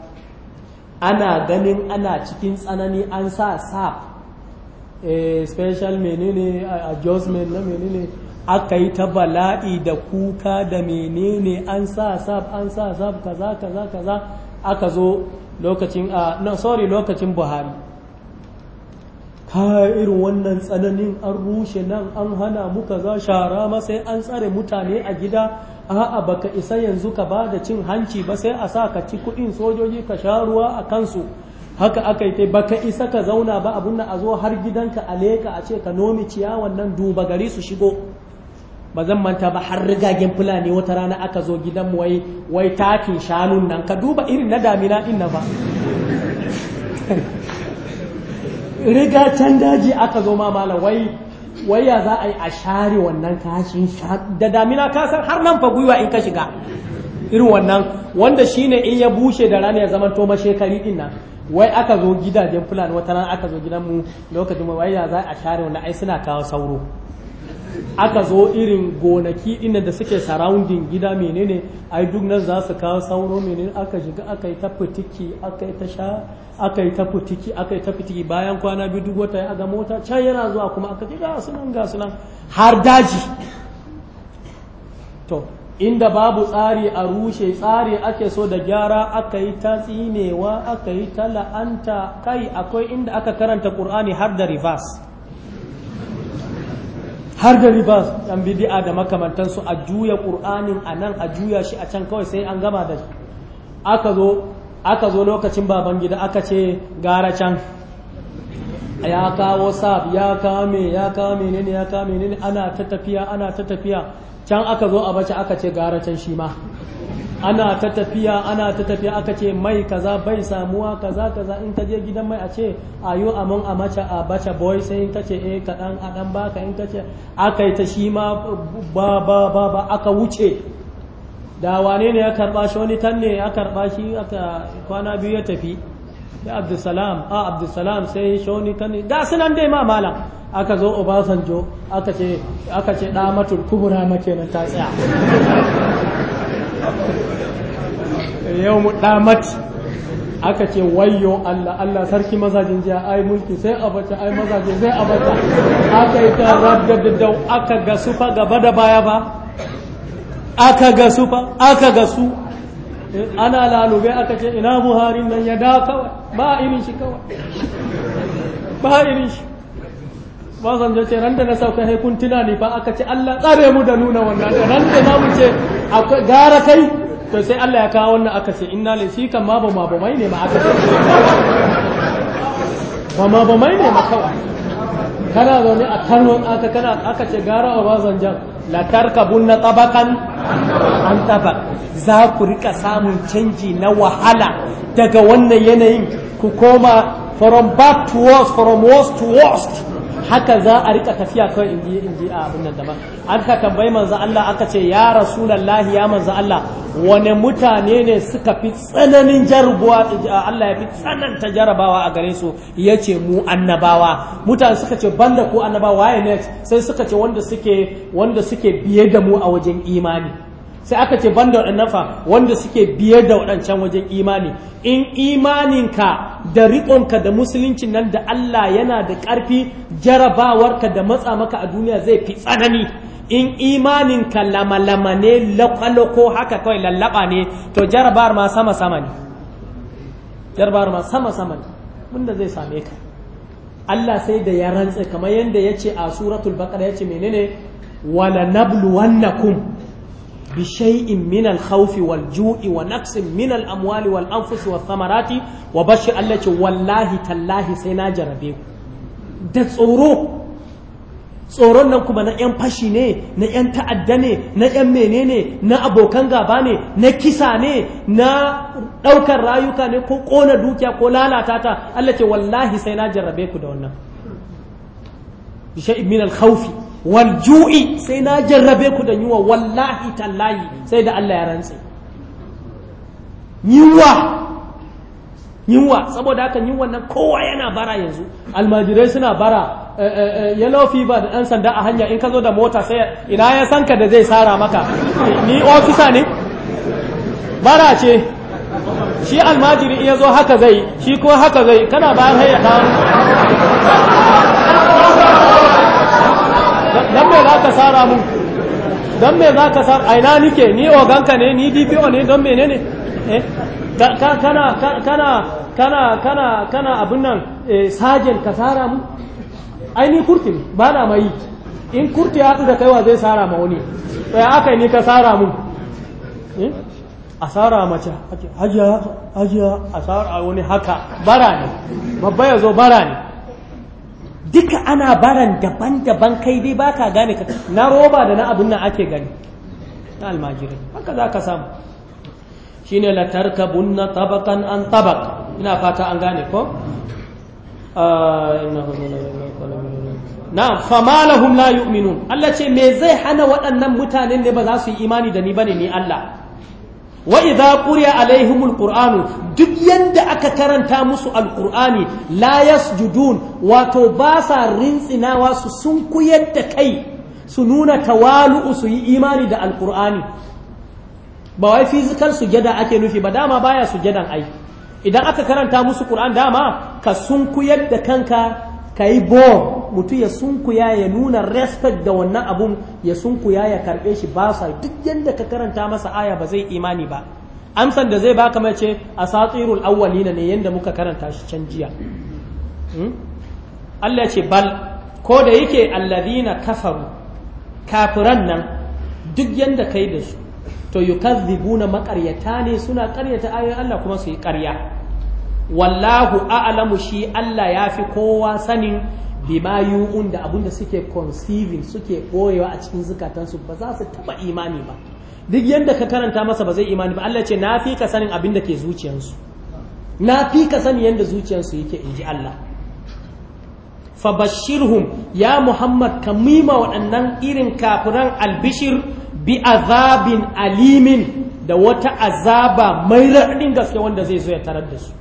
ana ganin ana cikin tsanani an sa sap eh, special menene adjustment na menene aka yi ta bala'i da kuka da menene an sa sap an sa sap kaza kaza kaza aka zo lokacin a ah, no sorry lokacin buhari ka irin wannan tsananin an rushe nan an hana muka za shara ma sai an tsare mutane a gida a'a baka isa yanzu ka ba da cin hanci ba sai a sa ka ci kuɗin sojoji ka sha ruwa a kansu haka aka yi ta baka isa ka zauna ba abun a zo har gidanka a leka a ce ka nomi ciyawan nan duba gari su shigo ba zan manta ba har rigagen fulani wata rana aka zo gidan wai wai takin shanun nan ka duba irin na damina din na ba riga can daji aka zo ma malam wai ya za a yi a share wannan kashin da damina kasar har nan fa gwiwa in ka shiga irin wannan wanda shi ne in ya bushe da rana ya zama toma shekari din nan wai aka zo gidajen fulani wata rana aka zo gidanmu lokacin wai ya za a share wannan ai suna kawo sauro aka zo irin gonaki inda da suke surrounding gida menene ai duk nan za su kawo sauro menene aka shiga aka yi ta fitiki aka yi ta sha aka yi ta fitiki aka yi ta fitiki bayan kwana biyu duk wata ya mota can yana zuwa kuma aka ji su nan ga nan har daji to inda babu tsari a rushe tsari ake so da gyara aka yi ta tsinewa aka yi ta la'anta kai akwai inda aka karanta qur'ani har da reverse har da ribas ɗan bidi'a da makamantansu a juya ƙur'anin a nan a juya shi a can kawai sai an gama da shi aka zo lokacin baban gida aka ce gara can ya kawo sab ya kame ya kame ne ya kame ne ana ta tafiya ana ta tafiya can aka zo a bace aka ce gara can shi ma ana ta tafiya ana ta tafiya aka ce mai kaza bai samuwa kaza kaza in ta je gidan mai a ce a yi a mun a mace a bace boy sai in ta ce eh kaɗan a ɗan baka in ta ce aka yi ta shi ma ba ba ba ba aka wuce da wane ne ya karɓa shi wani tan ne ya karɓa shi aka kwana biyu ya tafi da abdulsalam a abdulsalam sai shi wani tan ne ga sunan dai ma malam aka zo obasanjo aka ce aka ce ɗamatul kubura makenan ta tsaya yau mu damat aka ce wayo Allah Allah sarki mazajin jiya ai mulki sai a bace ai mazaje sai a bace aka yi ta rabda da dau aka ga su fa gaba da baya ba aka ga su fa aka ga su ana lalube aka ce ina buhari nan ya da kawai ba irin shi kawai ba irin shi zan ya ce ran da na sauka sai kun tuna ni fa aka ce Allah tsare mu da nuna wannan ran da za mu ce gara kai to sai Allah ya kawo wannan aka ce inna shi kan ma ba ma ba mai ne ma aka ce ba ma ba mai ne ma kawai kana zaune a Kano aka kana aka ce gara Obasanjan la na tabakan an taba za ku rika samun canji na wahala daga wannan yanayin ku koma from bad to worst from worst to worst haka za a rika tafiya kawai in ji in je a abin nan daban an ka tambayi manzo Allah aka ce ya rasulullahi ya manzo Allah wane mutane ne suka fi tsananin jarabawa Allah ya fi tsananta jarabawa a gare su yace mu annabawa mutane suka ce banda ko annabawa waye ne sai suka ce wanda suke wanda suke biye da mu a wajen imani sai aka ce banda waɗannan fa wanda suke biyar da waɗancan wajen imani in imaninka da riƙonka da musuluncin nan da Allah yana da ƙarfi jarabawarka da matsa maka a duniya zai fi tsanani in imaninka lama-lama ne lako haka kawai lallaba ne to jarabawar ma sama-sama ne jarabawar ma sama-sama ne wanda zai same ka Allah sai da ya rantse kamar yadda ya ce a suratul baqara ya ce menene wala nabluwannakum بشيء من الخوف والجوع ونقص من الأموال والأنفس والثمرات وبشر الله والله تالله سيناجر ku. da tsoro tsoron nan kuma na 'yan fashi ne na 'yan ta'adda ne na 'yan menene na abokan gaba ne na kisa ne na ɗaukar rayuka ne ko ƙona dukiya ko lalata ta Allah ce wallahi sai na jarrabe ku da wannan bishai min al-khawfi walju'i sai na jarrabe ku da yiwa wallahi tallahi sai da Allah ya rantse yiwa yiwa saboda haka yunwan nan kowa yana bara yanzu almajirai suna bara eh, eh, eh, yellow fever da ɗan sanda a hanya in ka zo da mota sai ina ya sanka da zai sara maka ni ofisa ne bara ce shi almajiri in ya zo haka zai shi ko haka zai kana ba haya ka dan me za ka sara mu dan me za ka sara aina nike ni oganka ne ni dpo ne don menene eh, ne kana kana kana kana kana abin nan eh, sajen ka sara mu ai ni kurti ba na mai in kurti ya da kaiwa zai sara ma wani to ya aka ni ka sara mu eh, a sara mace hajiya hajiya a sara wani haka bara ne babba ya zo bara ne duka ana baran daban-daban kai dai ba ka gane ka na roba da na abin nan ake gani Na almajirai haka za ka samu shi ne latarka bunna tabakan an tabak ina fata an gane ko? Ah, na famalahum la yu'minun Allah ce me zai hana waɗannan mutanen ne ba za su yi imani da ni bane ni Allah wa idza quriya qur'anu duk yanda aka karanta musu alqur'ani la yasjudun wato ba sa rintsinawa su sun kuyar da kai su nuna tawalu su yi imani da alqur'ani ba wai su sujada ake nufi ba dama baya sujadan ai idan aka karanta musu qur'an dama ka sun kuyar da kanka ka yi bom mutum ya sunkuya ya nuna respect da wannan abun ya sunkuya ya karɓe shi ba sa duk yadda ka karanta masa aya ba zai imani ba amsan da zai baka mace a satirul awwalina ne yadda muka karanta shi can jiya hmm? Allah ya ce bal ko da yake alladhina kafaru kafiran nan duk yadda kai da su to yukazzibuna maƙaryata ne suna ƙaryata ayoyin Allah kuma su yi ƙarya wallahu a'lamu shi Allah ya fi kowa sanin bima yu'un da abinda suke conceiving suke boyewa a cikin zukatansu ba za su taba imani ba duk yadda ka karanta masa ba zai imani ba Allah ce na fi ka sanin abinda ke zuciyarsu na fi ka sanin yadda zuciyarsu yake inji Allah fabashirhum ya Muhammad ka mima waɗannan irin kafiran albishir bi azabin alimin da wata azaba mai raɗin gaske wanda zai zo ya tarar da su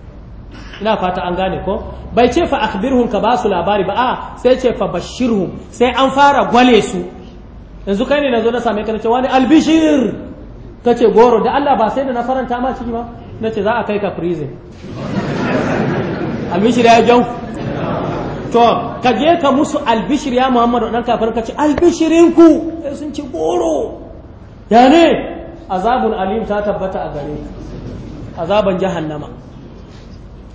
ina fata an gane ko bai ce fa akhbirhum ka basu labari ba a sai ce fa bashirhum sai an fara gwale su yanzu kai ne nazo na same ka nace wani albishir kace goro da Allah ba sai da na faranta ma ciki ba nace za a kai ka prison albishir ya jau to ka je ka musu albishir ya Muhammadu dan kafir kace albishirinku ku sun ci goro ya ne azabun alim ta tabbata a gare azaban jahannama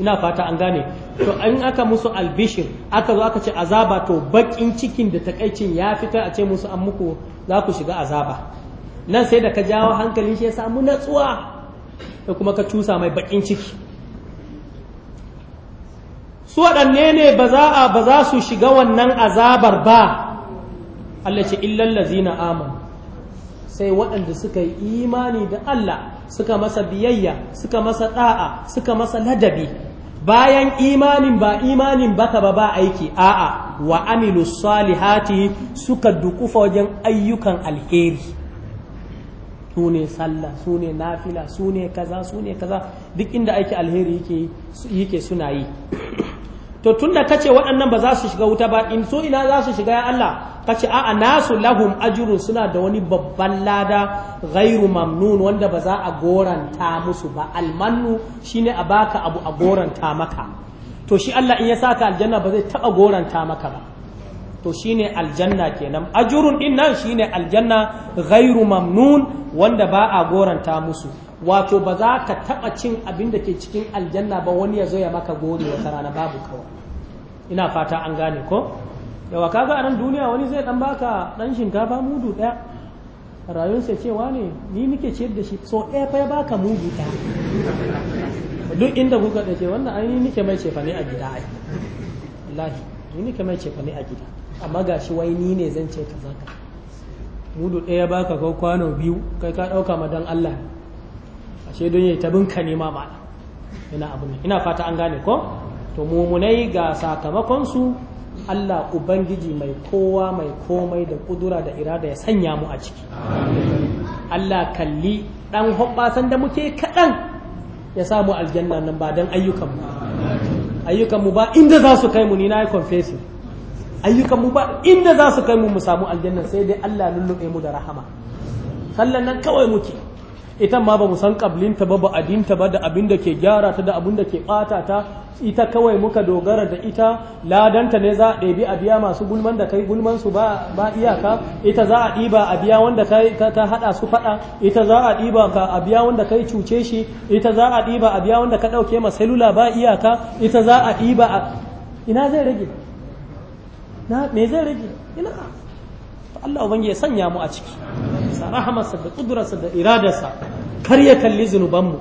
ina fata an gane to in aka musu albishir aka zo aka ce azaba to bakin cikin da takaicin ya fitar a ce musu an muku za ku shiga azaba nan sai da ka jawo hankali shi ya samu natsuwa da kuma ka cusa mai bakin ciki su waɗanne ne ba za a ba za su shiga wannan azabar ba Allah ce illal lazina amon sai waɗanda suka yi imani da Allah suka masa biyayya suka masa ɗa'a suka masa ladabi bayan imanin ba imanin baka ba ba aiki a'a wa amilu salihati suka dukufa wajen ayyukan alheri su ne sallah su ne nafila su ne kaza su ne kaza duk inda aiki alheri yake suna yi to tunda kace waɗannan ba za su shiga wuta ba in so ina za su shiga ya Allah kace a'a nasu lahum ajrun suna da wani babban lada ghairu mamnun wanda ba za a goranta musu ba almannu shine a baka abu a goranta maka to shi Allah in ya saka aljanna ba zai taba goranta maka ba to shine aljanna kenan ajurun din nan shine aljanna ghairu mamnun wanda ba a goranta musu wato ba za ka taba cin abin da ke cikin aljanna ba wani ya zo ya maka gori wata rana babu kawai ina fata an gane ko yawa kaga a nan duniya wani zai dan baka dan shinkafa mudu daya rayuwarsa cewa ne ni nike ciyar da shi so ɗaya fa ya baka mudu ɗaya duk inda kuka ɗauke wannan ai ni nike mai cefa ne a gida ai wallahi ni nike mai cefa ne a gida amma ga wai ni ne zan ce ka zaka mudu ɗaya baka ko kwano biyu kai ka ɗauka ma don Allah ashe don yayi tabin ka nema ma ina abu ne ina fata an gane ko to mumunai ga sakamakon su Allah Ubangiji mai kowa mai komai da kudura da irada ya sanya mu a ciki. Allah kalli ɗan hoɓɓasan da muke kaɗan ya samu aljanna nan ba don ayyukanmu. Ayyukanmu ba inda za su kai mu ni na yi confessing. ayyukan mu ba inda za su kai mu mu samu aljanna sai dai Allah lullube mu da rahama sallan nan kawai muke ita ma ba mu san kablinta ba ba'adinta ba da abin da ke gyara ta da abin da ke bata ta ita kawai muka dogara da ita ladanta ne za a ɗebi a biya masu gulman da kai gulman su ba iyaka ita za a ɗiba a biya wanda ka haɗa su faɗa ita za a ɗiba ka a biya wanda kai cuce shi ita za a ɗiba a biya wanda ka ɗauke ma salula ba iyaka ita za a ɗiba a ina zai rage na me zai rage ina Allah ubangi ya sanya mu a ciki sa rahamarsa da kudurarsa da iradarsa kar ya kalli zunubanmu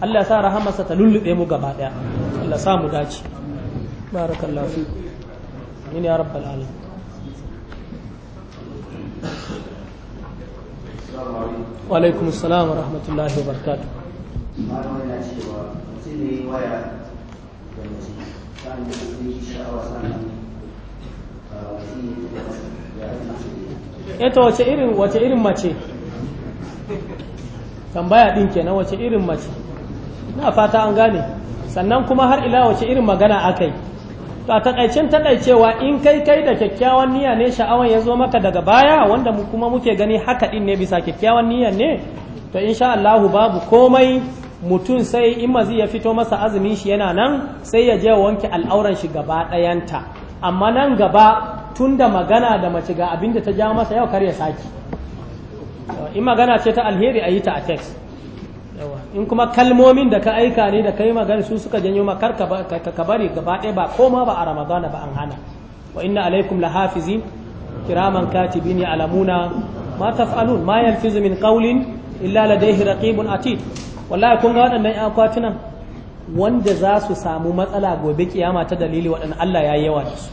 Allah sa rahamarsa ta lullube mu gaba daya Allah sa mu dace barakallahu fi amin ya rabbal alamin wa alaikum assalam wa rahmatullahi wa barakatuh waya da eto eh wace irin wace irin mace tambaya din kenan wace irin mace na fata an gane sannan kuma har ila wace irin magana akai to a takaicen taɗaicewa in kai kai da kyakkyawan niyya ne sha'awan ya zo maka daga baya wanda kuma muke gani haka din ne bisa kyakkyawan niyya ne to insha Allah babu komai mutum sai in mazi ya fito masa azumin shi yana nan sai ya je wanke al'auran shi gaba ɗayanta amma nan gaba tun da magana da mace ga abin da ta ja masa yau kar ya sake. in magana ce ta alheri a yi ta a text in kuma kalmomin da ka aika ne da yi magana su suka janyo makar ka bari gaba ɗaya ba koma ba a ramadana ba an hana wa inna alaikum la hafizin kiraman katibin ya alamuna ma taf'alun ma yalfizu min qawlin illa ladayhi raqibun atid wallahi kun ga waɗannan akwatunan wanda za su samu matsala gobe kiyama ta dalili waɗanda Allah ya yawa da su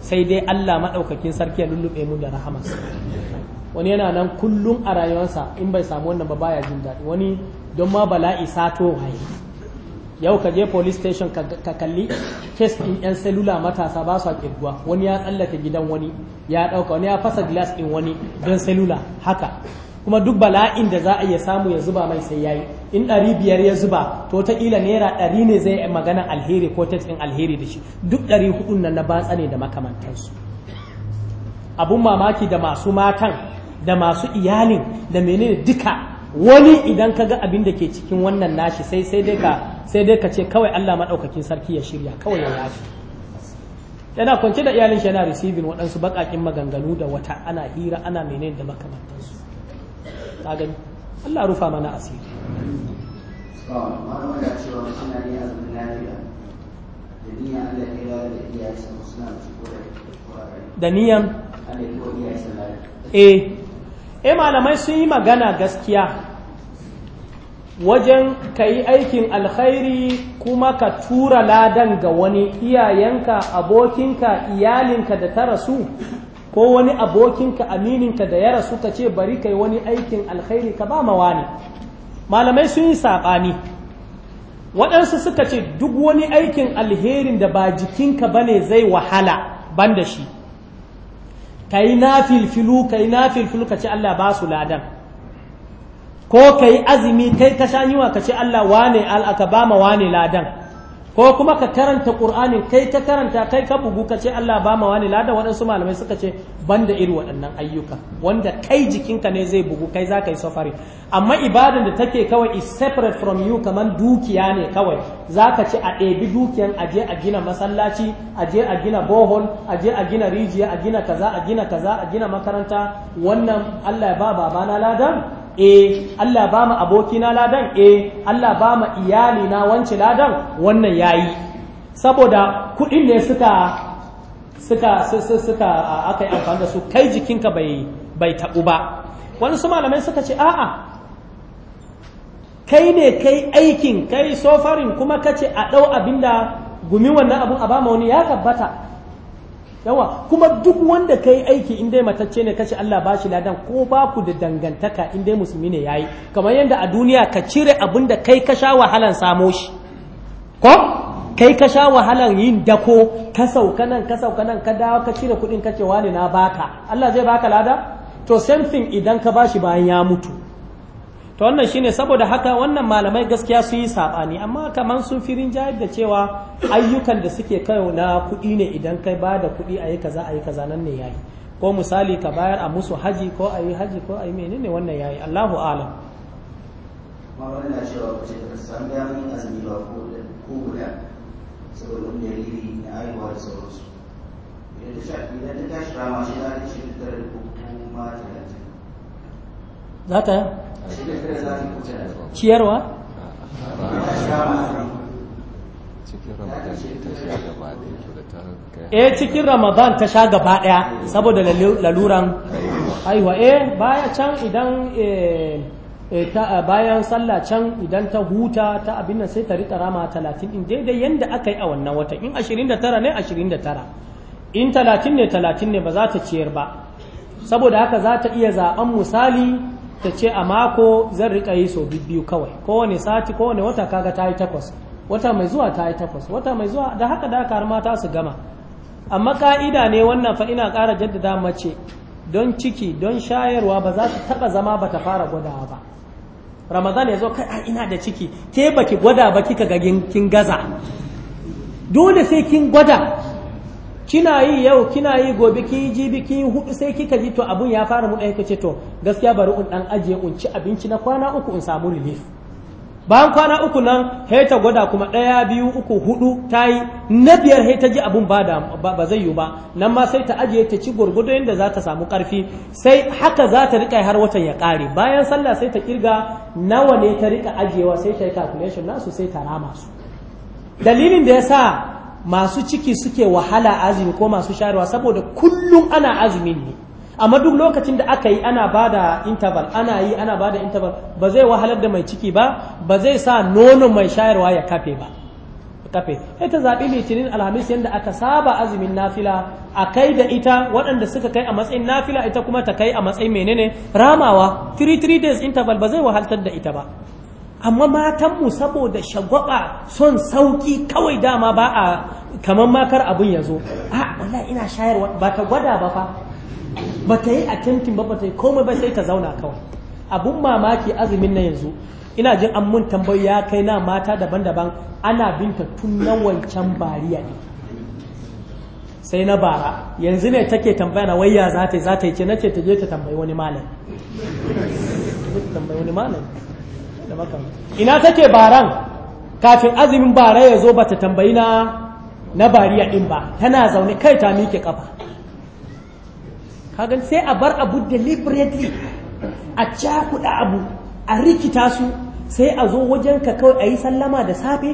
sai dai Allah maɗaukakin sarki ya lullube mu da rahamarsa wani yana nan kullum a rayuwarsa in bai samu wannan ba baya jin daɗi wani don ma bala'i sato waye yau ka je police station ka kalli kes ɗin 'yan selula matasa ba su a kirguwa wani ya tsallake gidan wani ya ɗauka wani ya fasa glass ɗin wani don selula haka kuma duk bala'in da za a iya samu ya zuba mai sai yayi in ɗari biyar ya zuba to ila naira ɗari ne zai magana alheri ko tatsin alheri da shi duk ɗari hudun nan na batsa ne da makamantansu abun mamaki da masu matan da masu iyalin da menene duka wani idan ka ga abin da ke cikin wannan nashi sai sai dai ka ce kawai Allah maɗaukakin sarki ya shirya kawai ya yafi yana kwance da iyalin shi yana receiving waɗansu baƙaƙin maganganu da wata ana hira ana menene da makamantansu ka gani Allah rufa mana asiri da niyan eh eh malamai sun yi magana gaskiya wajen ka yi aikin alkhairi kuma ka tura ladan ga wani iyayenka abokinka iyalinka da ta rasu ko wani abokinka amininka da ya rasu ka ce bari kai wani aikin alkhairi ka ba ma wani malamai sun yi saɓani waɗansu suka ce duk wani aikin alherin da ba jikinka ba ne zai wahala ban da shi ka yi na filfilu ka yi na filfilu ka ce Allah ba su ladan ko ka yi azumi kai ka sha yiwa ka ce Allah wane al'aka ba ma wane ladan ko kuma ka karanta ƙur'anin kai ka karanta kai ka bugu ka ce Allah ba ma wani lada waɗansu malamai suka ce banda iri waɗannan ayyuka wanda kai jikinka ne zai bugu kai za ka yi safari amma ibadan da take kawai is separate from you kamar dukiya ne kawai za ka ce a ɗebi dukiyan a je a gina masallaci a je a gina bohol a je a gina rijiya a gina kaza a gina kaza a gina makaranta wannan Allah ya ba babana ladan eh Allah ba mu abokina ladan eh Allah ba mu iyalina wance ladan wannan yayi saboda kuɗin ne suka suka suka aka yi amfani da su kai jikinka bai bai tabu ba wani su malamai suka ce a'a kai ne kai aikin kai sofarin kuma kace a ɗau abinda gumi wannan abun a bama wani ya tabbata yawa kuma duk wanda ka yi aiki in dai matacce ne kashe Allah bashi ladan ko ba ku da dangantaka in dai musulmi ne yayi kamar yadda a duniya ka cire abin da kai ka sha wahalan samo shi ko kai ka sha wahalan yin dako ka sauka nan ka sauka nan ka dawo ka cire kuɗin kace wani na baka Allah zai baka lada to same thing idan ka bashi bayan ya mutu to wannan shine saboda haka wannan malamai gaskiya sun yi sabani amma kamar sun firin jayar da cewa ayyukan da suke kai na kuɗi ne idan kai ba da kuɗi a yi kaza a yi kaza nan ne yayi ko misali ka bayar a musu haji ko a yi haji ko a yi menene wannan yayi Allahu alam ma cewa da ko guda saboda da idan ta shafi ta da ta ciyarwa eh cikin ramadan ta sha gaba daya saboda laluran haihuwa eh baya can idan eh, eh, eh, bayan sallah can idan ta huta ta abin nan sai ta rika rama 30 din daidai yanda aka yi a wannan wata in 29 ne 29 in 30 ne 30 ne ba za ta ciyar ba saboda haka za ta iya zaben misali ta ce a mako zan riƙa yi so biyu kawai kowane sati kowane wata kaga ta yi takwas wata mai zuwa ta yi takwas wata mai zuwa da haka da haka mata su gama amma ka'ida ne wannan fa ina ƙara jaddada mace don ciki don shayarwa ba za ta taɓa zama ba ta fara gwadawa ba ramadan ya zo kai a ina da ciki ke baki gwada ba kika ga kin gaza dole sai kin gwada kina yi yau kina yi gobe kiyi yi jibi kin yi hudu sai kika ji to abun ya fara mu dai kace to gaskiya bari in dan ajiye in ci abinci na kwana uku in samu relief bayan kwana uku nan sai ta gwada kuma ɗaya biyu uku hudu ta na biyar sai ta ji abun ba da ba zai yiwu ba nan ma sai ta ajiye ta ci gurgudu inda za ta samu karfi sai haka za ta rika har watan ya kare bayan sallah sai ta kirga nawa ne ta rika ajiyewa sai ta yi calculation nasu sai ta rama su dalilin da ya sa masu ciki suke wahala azumi ko masu sharewa saboda kullum ana azumin ne amma duk lokacin da aka yi ana ba da interval ana yi ana ba da interval ba zai wahalar da mai ciki ba ba zai sa nono mai shayarwa ya kafe ba kafe sai ta zaɓi litinin alhamis yanda aka saba azumin nafila akai da ita waɗanda suka kai a matsayin nafila ita kuma ta kai a matsayin menene ramawa 3-3 days interval ba zai wahaltar da ita ba amma matanmu saboda shagwaba son sauki kawai dama ba a kamar makar abin ya zo a wallahi ina shayarwa ba ta gwada ba fa ba ta yi attempting ba ba ta yi komai ba sai ta zauna kawai abun mamaki azumin na yanzu ina jin an mun tambayi ya kai na mata daban-daban ana binta tun na wancan bariya ne sai na bara yanzu ne take tambaya na wayya za ta yi za ta yi ce na ce ta je ta tambayi wani malam da maka ina take baran kafin azumin bara ya zo bata tambayi na na bariya din ba tana zaune kai ta mike kafa kagan sai a bar abu deliberately a cakuɗa abu a rikita su sai a zo wajen ka kawai a yi sallama da safe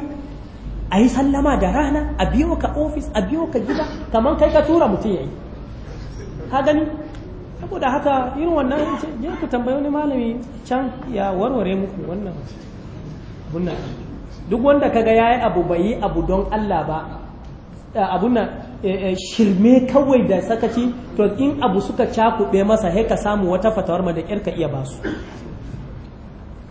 a yi sallama da rana a biyo ka ofis a biyo ka gida kamar kai ka tura mutum ya yi ka gani saboda haka yin wannan yin ku tambayi wani malami can ya warware muku wannan duk wanda kaga ya yi abu bai yi abu don Allah ba abun e, e, shirme kawai da sakaci to in abu suka cakuɗe masa haika samu wata fatawar ma da ƙirka iya ba su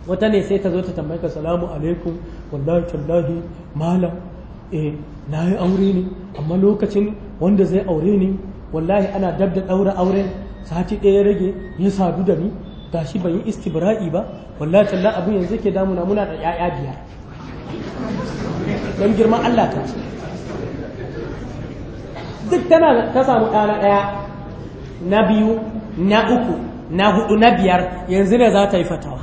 wata ne sai ta zo ta tambaye ka salamu alaikum wallahi tallahi malam eh na yi aure ne amma lokacin wanda zai aure ni wallahi ana dab da ɗaura auren sati ɗaya rage ya sadu da ni shi ban yi istibra'i ba wallahi talla abin yanzu yake damuna muna da ƴaƴa biyar don girman Allah ta duk tana ta samu ɗana ɗaya na biyu na uku na hudu na biyar yanzu ne za ta yi fatawa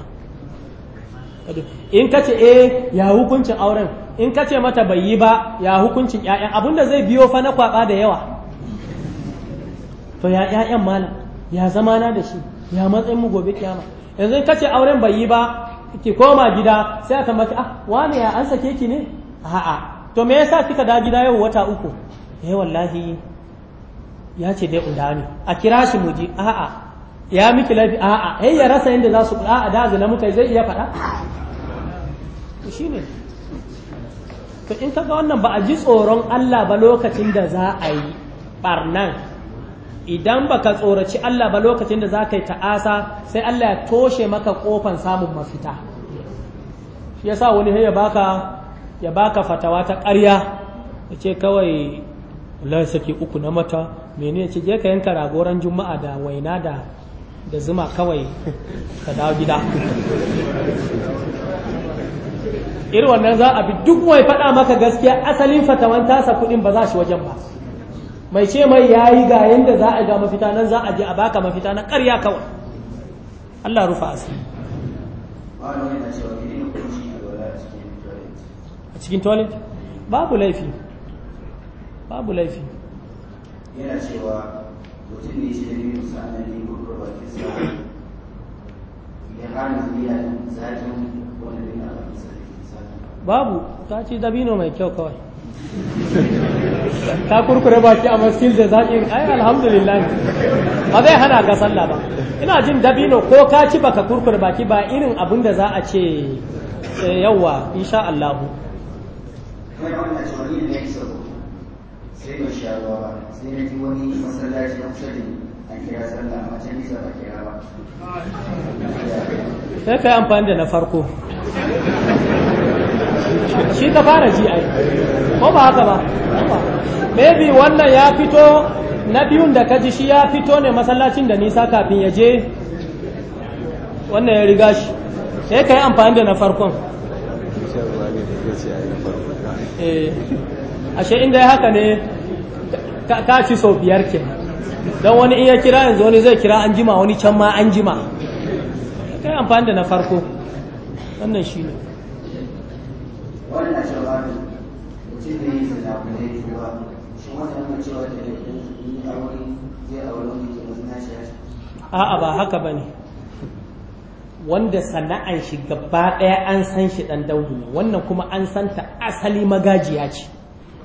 in ka ce eh ya hukuncin auren in ka ce mata bai yi ba ya hukuncin ƴaƴan abinda zai biyo fa na kwaba da yawa to ya ƴaƴan malam ya zama na da shi ya matsayin mu gobe kiyama yanzu ka ce auren bai yi ba ki koma gida sai a tambaci ah wani ya an sake ki ne a'a to me yasa kika da gida yau wata uku eh wallahi ya ce dai unda ne a kira shi mu ji a'a ya miki laifi a'a eh ya rasa yadda za su a'a da zina muka zai iya faɗa to shine to in kaga wannan ba a ji tsoron Allah ba lokacin da za a yi barnan idan baka tsoraci Allah ba lokacin da za ka yi ta'asa sai Allah ya toshe maka ƙofan samun mafita shi sa wani ya baka ya baka fatawa ta ƙarya ya ce kawai lai saki uku na mata mene ce je ka yanka ragoran juma'a da waina da da zuma kawai ka dawo gida irin wannan za a bi duk mai faɗa maka gaskiya asalin fatawan tasa kuɗin ba za shi wajen ba mai ce mai ya yi ga yadda za a ga mafita nan za a je a baka mafita na ƙarya kawai Allah rufa asiri a cikin toilet babu laifi babu laifi yana cewa mutum ne shi ne na ne gudu ke sa ya hana zuriya zafin wani ne a bakin sa babu ta ce dabino mai kyau kawai ta kurkure baki a masil da zaƙi ai alhamdulillah ba zai hana ka sallah ba ina jin dabino ko ka ci baka kurkure baki ba irin abin da za a ce eh, yawa insha Allah sai na ba sai na ji wani masallaci sallah nisa ba sai ka yi amfani da na farko shi ka fara ji ai ko ba haka ba maybe wannan ya fito na biyun da ka ji shi ya fito ne masallacin da nisa kafin ya je wannan ya riga shi sai ka yi amfani da na farkon eh, ashe inda ya haka ne ka ci sau biyar ke don wani iya kira yanzu wani zai kira an jima wani can ma an jima ka yi amfani da na farko wannan shi ne ba a'a ba haka ba ne wanda sana'an shi gaba ɗaya an san shi ɗan daudu ne wannan kuma an santa asali magajiya ce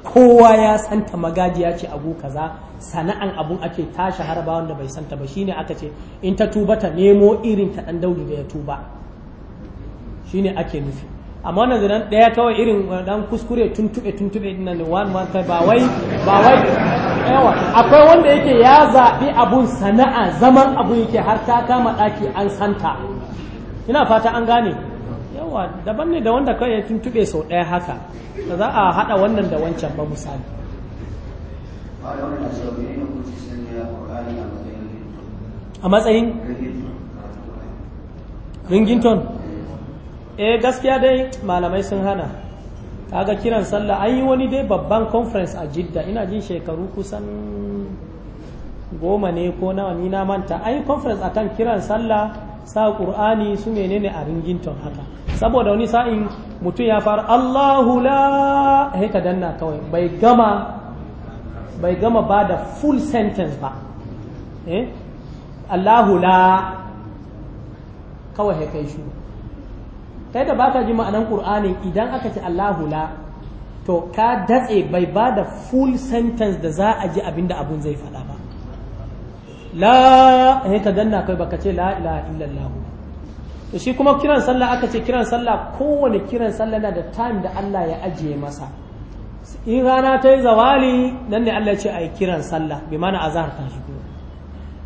kowa ya santa magajiya ce abu kaza sana'an abun ake tashi harba wanda bai santa ba shine aka ce in ta tuba ta nemo irin ta ɗan daudu da ya tuba shine ake nufi amma wannan zanen ɗaya kawai irin dan kuskure tuntube tuntube din nan one ba wai ba wai yawa akwai wanda yake ya zaɓi abun sana'a zaman abu yake har ta kama ɗaki an santa ina fata an gane yawa daban ne da wanda kawai ya tuntube sau ɗaya haka da za a haɗa wannan da wancan ba misali a matsayin ringinton eh gaskiya dai malamai sun hana kaga kiran sallah an yi wani dai babban conference a jidda ina jin shekaru kusan goma ne ko nawa ni na manta an yi conference akan kiran sallah sa qur'ani su menene a ringinton haka saboda wani sa'in mutum ya fara Allahu la he ka danna kawai bai gama bai gama ba da full sentence ba eh Allahu la kawai he kai shi kai da baka ji ma'anan Kur'ani idan aka ce Allahu la to ka datse bai ba da full sentence da za a ji abinda abun zai faɗa ba la eh ka danna kai baka ce la ilaha illallah to shi kuma kiran sallah aka ce kiran sallah kowane kiran sallah na da time da Allah ya ajiye masa in rana ta yi zawali nan ne Allah ce a yi kiran sallah bi mana azhar ta shigo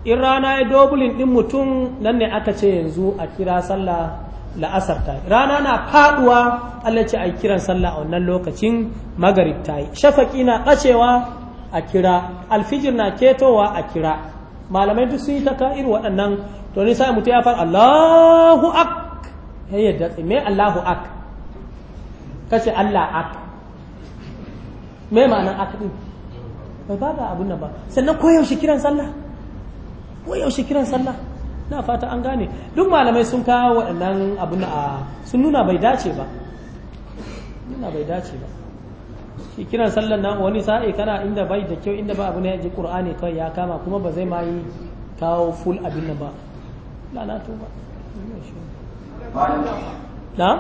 in rana ya dobulin din mutum nan ne aka ce yanzu a kira sallah la'asar ta yi rana na faduwa Allah ce a yi kiran sallah a wannan lokacin magarib ta yi shafaƙi na ɓacewa a kira alfijir na ketowa a kira malamai duk sun yi ta ka'ir waɗannan to ni sai mutum ya fara Allahu ak ya yadda me Allahu ak kace Allah ak me ma'anar ak din bai ba ga abun nan ba sannan koyaushe kiran sallah koyaushe kiran sallah na fata an gane duk malamai sun kawo waɗannan abu na sun nuna bai dace ba nuna bai dace ba shi kiran sallan na wani sa'i kana inda bai da kyau inda ba abu na yaji ƙur'ani kawai ya kama kuma ba zai ma yi kawo full abin nan ba lalato ba na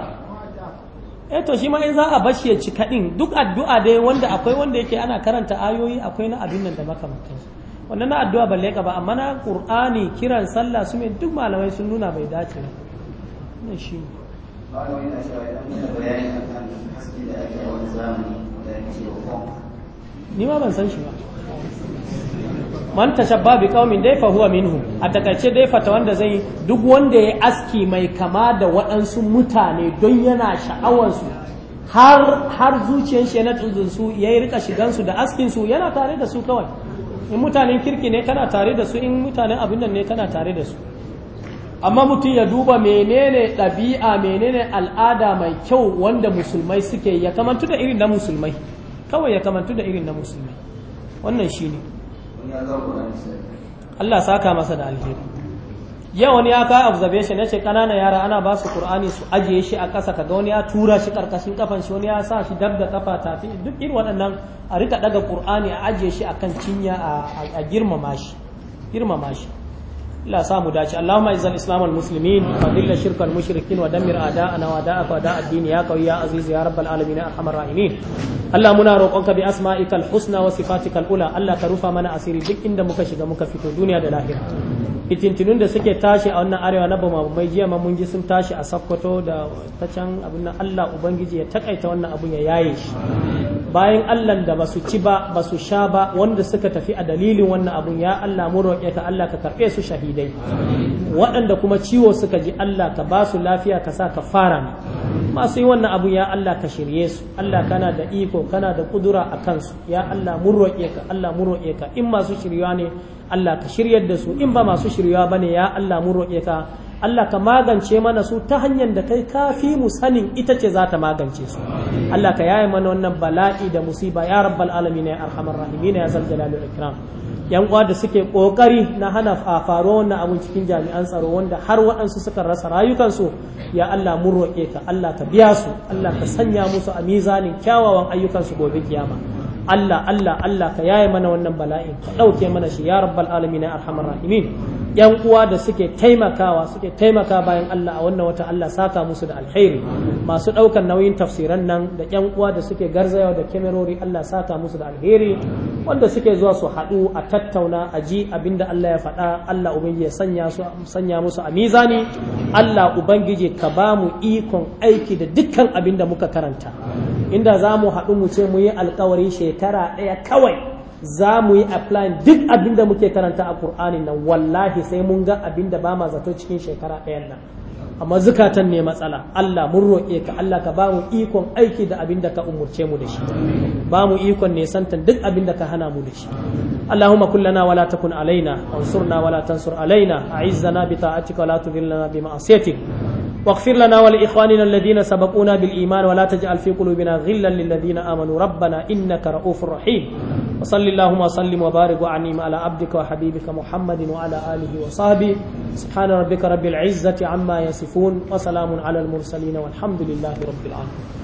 eh to shi ma in za a bashi ya ci kaɗin duk addu'a dai wanda akwai wanda yake ana karanta ayoyi akwai na abin nan da makamantansu wannan na addu'a balle ka ba amma na qur'ani kiran sallah su duk malamai sun nuna bai dace ba wannan shi ne bayani haske da ake a wani zamani da yake ni ma ban san shi ba man tashabba bi qaumin dai fa huwa minhum a takaice dai fata wanda zai duk wanda ya aski mai kama da waɗansu mutane don yana sha'awar su har har zuciyar shi na tunzun su yayi rika shigan da askin su yana tare da su kawai in mutanen kirki ne tana tare da su in mutanen abin nan ne tana tare da su amma mutum ya duba menene ɗabi'a menene al'ada mai kyau wanda musulmai suke ya kamantu da irin na musulmai kawai ya kamantu da irin na musulmai wannan shi ne Allah saka masa da alheri yau wani ya ka observation ya ce ƙananan yara ana ba su qur'ani su ajiye shi a ƙasa kaga wani ya tura shi ƙarƙashin kafan shi wani ya sa shi dab da ƙafa tafi duk irin waɗannan a rika daga qur'ani a ajiye shi akan cinya a girmama shi girmama shi لا سامو داشي اللهم اعز الاسلام والمسلمين وذل الشرك المشركين ودمر اعداءنا واعداءك واعداء الدين يا قوي يا عزيز يا رب العالمين ارحم الراحمين اللهم منا روقك باسمائك الحسنى وصفاتك الاولى الله كرفا منا اسيري duk inda muka shiga muka fito duniya da lahira fitintinun da suke tashi a wannan arewa na bama mai jiya ma mun ji sun tashi a sakkwato da ta can abin nan Allah ubangiji ya takaita wannan abun ya yaye shi bayan Allah da basu ci ba basu sha ba wanda suka tafi a dalilin wannan abun ya Allah mu roƙe ka Allah ka karɓe su shahidai waɗanda kuma ciwo suka ji Allah ka ba su lafiya ka sa ka fara ne masu yi wannan abun ya Allah ka shirye su Allah kana da iko kana da kudura a kansu ya Allah mun roƙe ka Allah roƙe ka in masu shiryawa ne Allah ka shiryar da su in ba masu shiryawa bane ya Allah mun roƙe ka Allah ka magance mana su ta hanyar da kai kafi mu sanin ita ce za ta magance su Allah ka yaye mana wannan bala'i da musiba ya rabbal alamin ya arhamar rahimin ya zal jalali ikram yan uwa da suke kokari na hana fafaro wannan abun cikin jami'an tsaro wanda har waɗansu suka rasa rayukansu ya Allah mun roƙe ka Allah ka biya su Allah ka sanya musu a mizanin kyawawan ayyukansu gobe kiyama Allah Allah Allah ka yaye mana wannan bala'in ka ɗauke mana shi ya rabbal alamin arhamar rahimin yan uwa da suke taimakawa suke taimaka bayan Allah a wannan wata Allah saka musu da alkhairi masu daukan nauyin tafsiran nan da yan uwa da suke garzayawa da kemerori Allah saka musu da alheri wanda suke zuwa su haɗu a tattauna a ji abinda Allah ya faɗa Allah ubangiji ya sanya su sanya musu a mizani Allah ubangiji ka ba mu ikon aiki da dukkan abinda muka karanta inda za mu haɗu mu ce mu yi alkawari shekara ɗaya kawai za mu yi applying duk abin da muke karanta a ƙur'ani nan wallahi sai mun ga abin da ba ma zato cikin shekara ɗayan nan amma zukatan ne matsala Allah mun roƙe ka Allah ka ba mu ikon aiki da abin da ka umurce mu da shi ba mu ikon ne santan duk abin da ka hana mu da shi Allahumma kullana wala takun alaina ansurna wala tansur alaina a'izzana bi ta'atika wala tudhillana bi ma'asiyatik واغفر لنا ولإخواننا الذين سبقونا بالإيمان ولا تجعل في قلوبنا غلا للذين آمنوا ربنا إنك رؤوف رحيم وصل اللهم وسلم وبارك وعنيم على عبدك وحبيبك محمد وعلى آله وصحبه سبحان ربك رب العزة عما يصفون وسلام على المرسلين والحمد لله رب العالمين